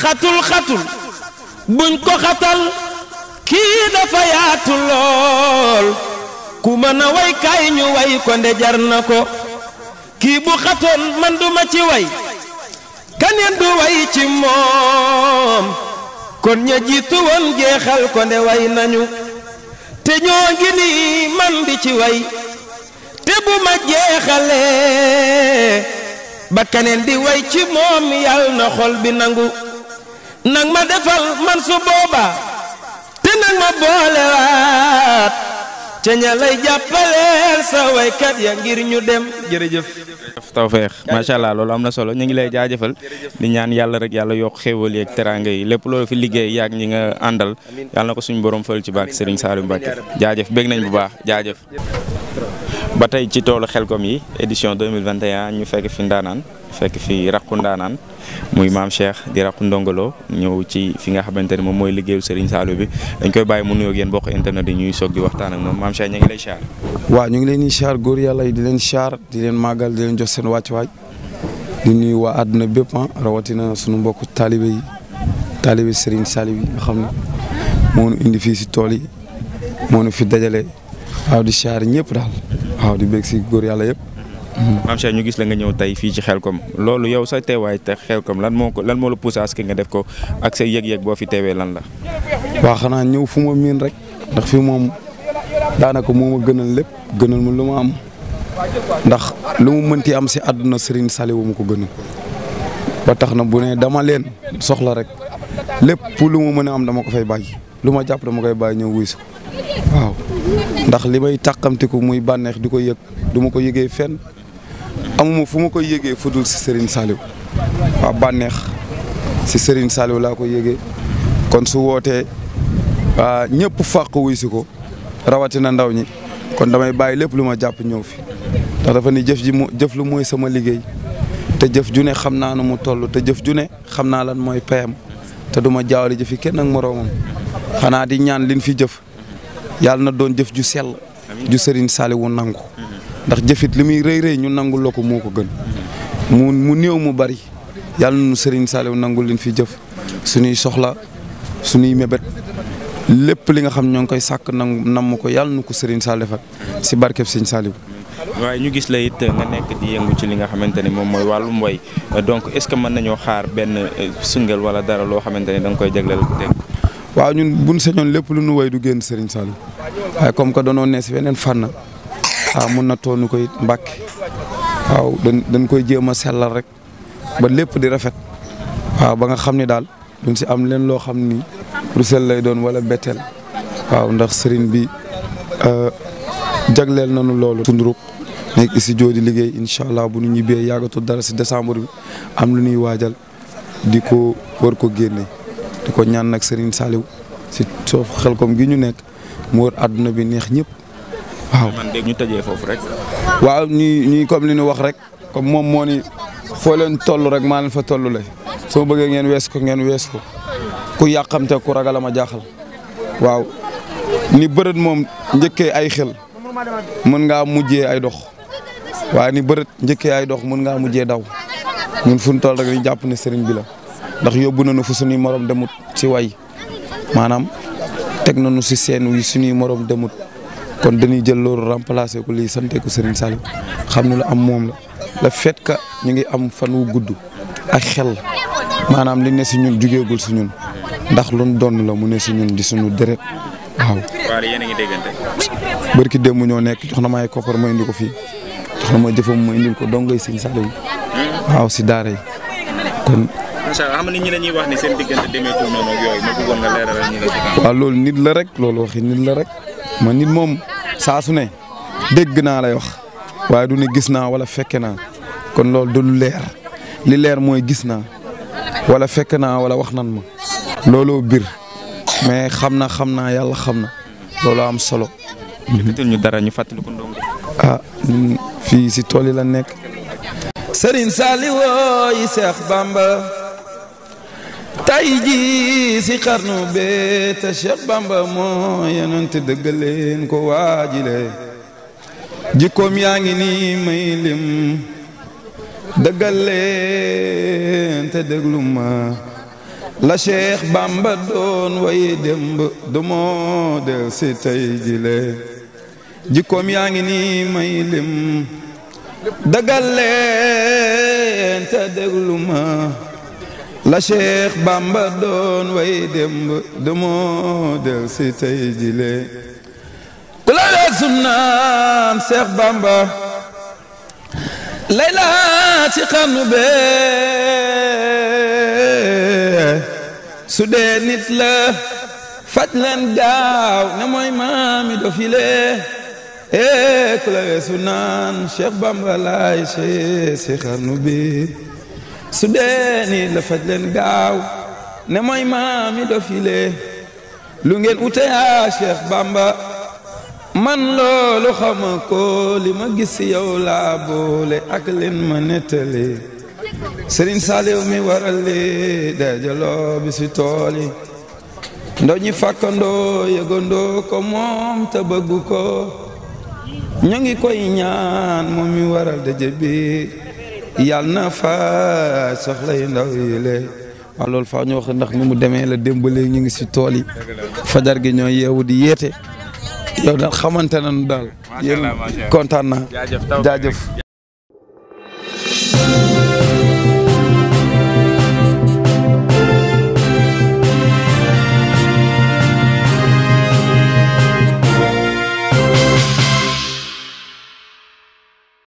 xatul xatul buñ ko xatal kii dafa lool ku mën a way kay ñu way ko jar na ko kii bu xatoon man duma ci way kaneen du way ci moom kon ña jiitu jeexal ko way nañu te ñoo ngi nii man di ci way te bu ma jeexalee ba keneen di way ci moom yàlla na xol bi nangu nag ma defal man su booba te nag ma boolewaat ca ña lay jàppaleel sa waykat ya ngir ñu dem jërëjëf tawfeex macha allah loolu am na solo ñu ngi lay jaajëfal di ñaan yàlla rek yàlla yokk xéewal yeeg teraanga yi lépp loolu fi liggéey yaag ñi nga àndal yàlla na ko suñu borom fël ci bàkk Serigne Saliou Mbacke jaajëf bég nañ bu baax jaajëf ba tey ci toolu xel xelkom yi édition 2021 ñu fekk fi ndaanaan fekk fi raqu ndaanaan muy maam Cheikh di raqu ndongolo ñëw ci fi nga xamante ne moom mooy liggéeyu Serigne Saliou bi dañ koy bàyyi mu nuyoo ak yéen bokk internet yi ñuy soog di waxtaan ak moom maam Cheikh ñu ngi lay siyaar. waaw ñu ngi leen di siyaar góor yàlla yi di leen siyaar di leen màggal di leen jox seen wàccuwaay di nuyu waa àdduna bépp ah, rawatina sunu mbokk taalibe yi taalibe Serigne Saliou yi xam ne moo indi fii si tool yi moo ñu fi dajale waaw di siyaar ñëpp waaw di bëgg si góor yàlla yëpp. Mm-hmm. maam Cheikh ñu gis la nga ñëw tey fii ci xel ko loolu yow sa teewaay te Xelkom lan moo ko lan moo la poussé aski nga def ko ak sa yëg-yëg boo fi teewee lan la. waa xanaa ñëw fu ma miin rek ndax fi moom daanaka moo ma gënal lépp gënal mu lu ma am ndax lu mu mënti am si àdduna Serigne Saliou ma ko gënal ba tax na bu ne dama leen soxla rek lépp lu mu mën a am dama ko fay bàyyi lu ma jàpp dama koy bàyyi ñëw wuyu si waaw. ndax li may tàqamtiku muy bànneex di ko yëg du ma ko yëgee fen amuma fu ma ko yëgee fudul si Serigne Saliou waaw bànneex si sëriñ Saliou laa ko yëgee kon su wootee ah, ñëpp fàq wuy si ko rawatina ndaw ñi kon damay bàyyi lépp lu ma jàpp ñëw fi ndax dafa jëf ji mu lu mooy sama liggéey te jëf ju ne xam naa nu mu toll te jëf ju ne xam naa lan mooy payam te du ma jaawale jëfi kenn ak moroomam xanaa di ñaan liñ fi jëf. yàlla na doon jëf ju sel ju sëriñ Saliou nangu ndax jëfit li muy rëy rëy ñu nangul la ko moo ko gën mu mu néew mu bari yàlla nu sëriñ Saliou nangul liñ fi jëf suñuy soxla suñuy mébét lépp li nga xam ñoo ngi koy sàkk nangu namm ko yàlla nu ko sëriñ Saliou si barkeb sëriñ Saliou waaye ñu gis la it nga nekk di yëngu ci li nga xamante ni moom mooy wàllum way donc est-ce que mën nañoo xaar benn euh, single wala dara loo xamante ni da nga koy jagleel dégg waaw ñun bu buñ sañoon lépp lu nu way du génn sëriñ Saliou waaye comme que danoo ne si beneen fànn waaw mun na toonu koy mbàkke waaw dañ koy jéem a sellal rek ba lépp di rafet waaw ba nga xam ni daal duñ si am leen loo xam ni rusel lay doon wala betteel waaw ndax Serigne bi euh, jagleel nu loolu tundurub nekk si joo di liggéey incha allah bu nu ñu ñibbee yàggatul dara si décembre bi am lu ñuy waajal di ko war ko génne di ko ñaan nag Serigne saaliw si soof Xelkom gi ñu nekk mu wër àdduna bi neex ñëpp waaw. ñu tëjee foofu rek. waaw ñuy ñuy comme li ñu wax rek comme moom moo ni foo leen toll rek maa leen fa toll lay soo bëggee ngeen wees ko ngeen wees ko ku yàqamte ku ragal ma jaaxal waaw ni bërët moom njëkkee ay xel mën ngaa mujjee ay dox waaye ni bërët njëkkee ay dox mën ngaa mujjee daw ñun fu ñu toll rek ñu jàpp ne sëriñ bi la. ndax yóbbu nañu fu suñuy morom demut ci way maanaam teg nañu si seen wi suñuy morom demut kon dañuy jël loolu remplacer ko lii sante ko Serigne xam ne lu am moom la le fait que ñu ngi am fan wu gudd ak xel maanaam li ne si ñun jugeegul si ñun ndax luñ doon la mu si ñun di suñu deret waaw. waaw yéen ñoo nekk jox na ma ay koppar ma ko fii jox na ma jëfam ma indil ko dongay Serigne Saliou hmm? waaw si daara yi kon. macha ma bëggoon nga loolu nit la rek loolu waxi nit la rek ma nit moom saa ne dégg naa lay wax waaye du gis naa wala fekke naa kon loolu du leer li leer mooy gis naa wala fekk naa wala wax nan ma looloo biir mais xam na xam naa yàlla xam na looloo am solo. ñu dara ñu fàttali ko ndongo. Ah, fii si tool yi la nekk. Serigne Saliou yi Seex Bamba. tay ji si xarnu bee te Cheikh Bamba moo yonent dëgg leen ko waajile jikkoom yaa ngi nii may lim dëggal leen te déglu ma la Cheikh Bamba doon way démb du moo del si tay jile jikkoom yaa ngi nii may lim dëggal leen te déglu ma la Cheikh Bamba doon way démb du moo del si tey jile ku la weesu naan Cheikh Bamba lay laa ci xarnu bee su dee nit la faj leen gaaw ne mooy maami dofile ee ku la weesu naan Cheikh Bamba laay see si xarnu bi su dee ni la faj gaaw ne mooy maami dofile lu ngeen ute yaa Cheikh Bamba man loolu xama ko li ma gis yow laa boole ak leen ma nettali Serigne Saliou mi waral li dajaloo bi si tool ñi fàkkandoo yëgandoo ko moom te ko ñu ngi koy ñaan moom mi waral daje bi yàlla na fa soxla yu ndaw yi lee waaw faa ñu ndax ni mu demee la démb léegi ñu ngi si tool yi fajar gi yeewu di yeete yow daal xamante nañu daal yéen kontaan naa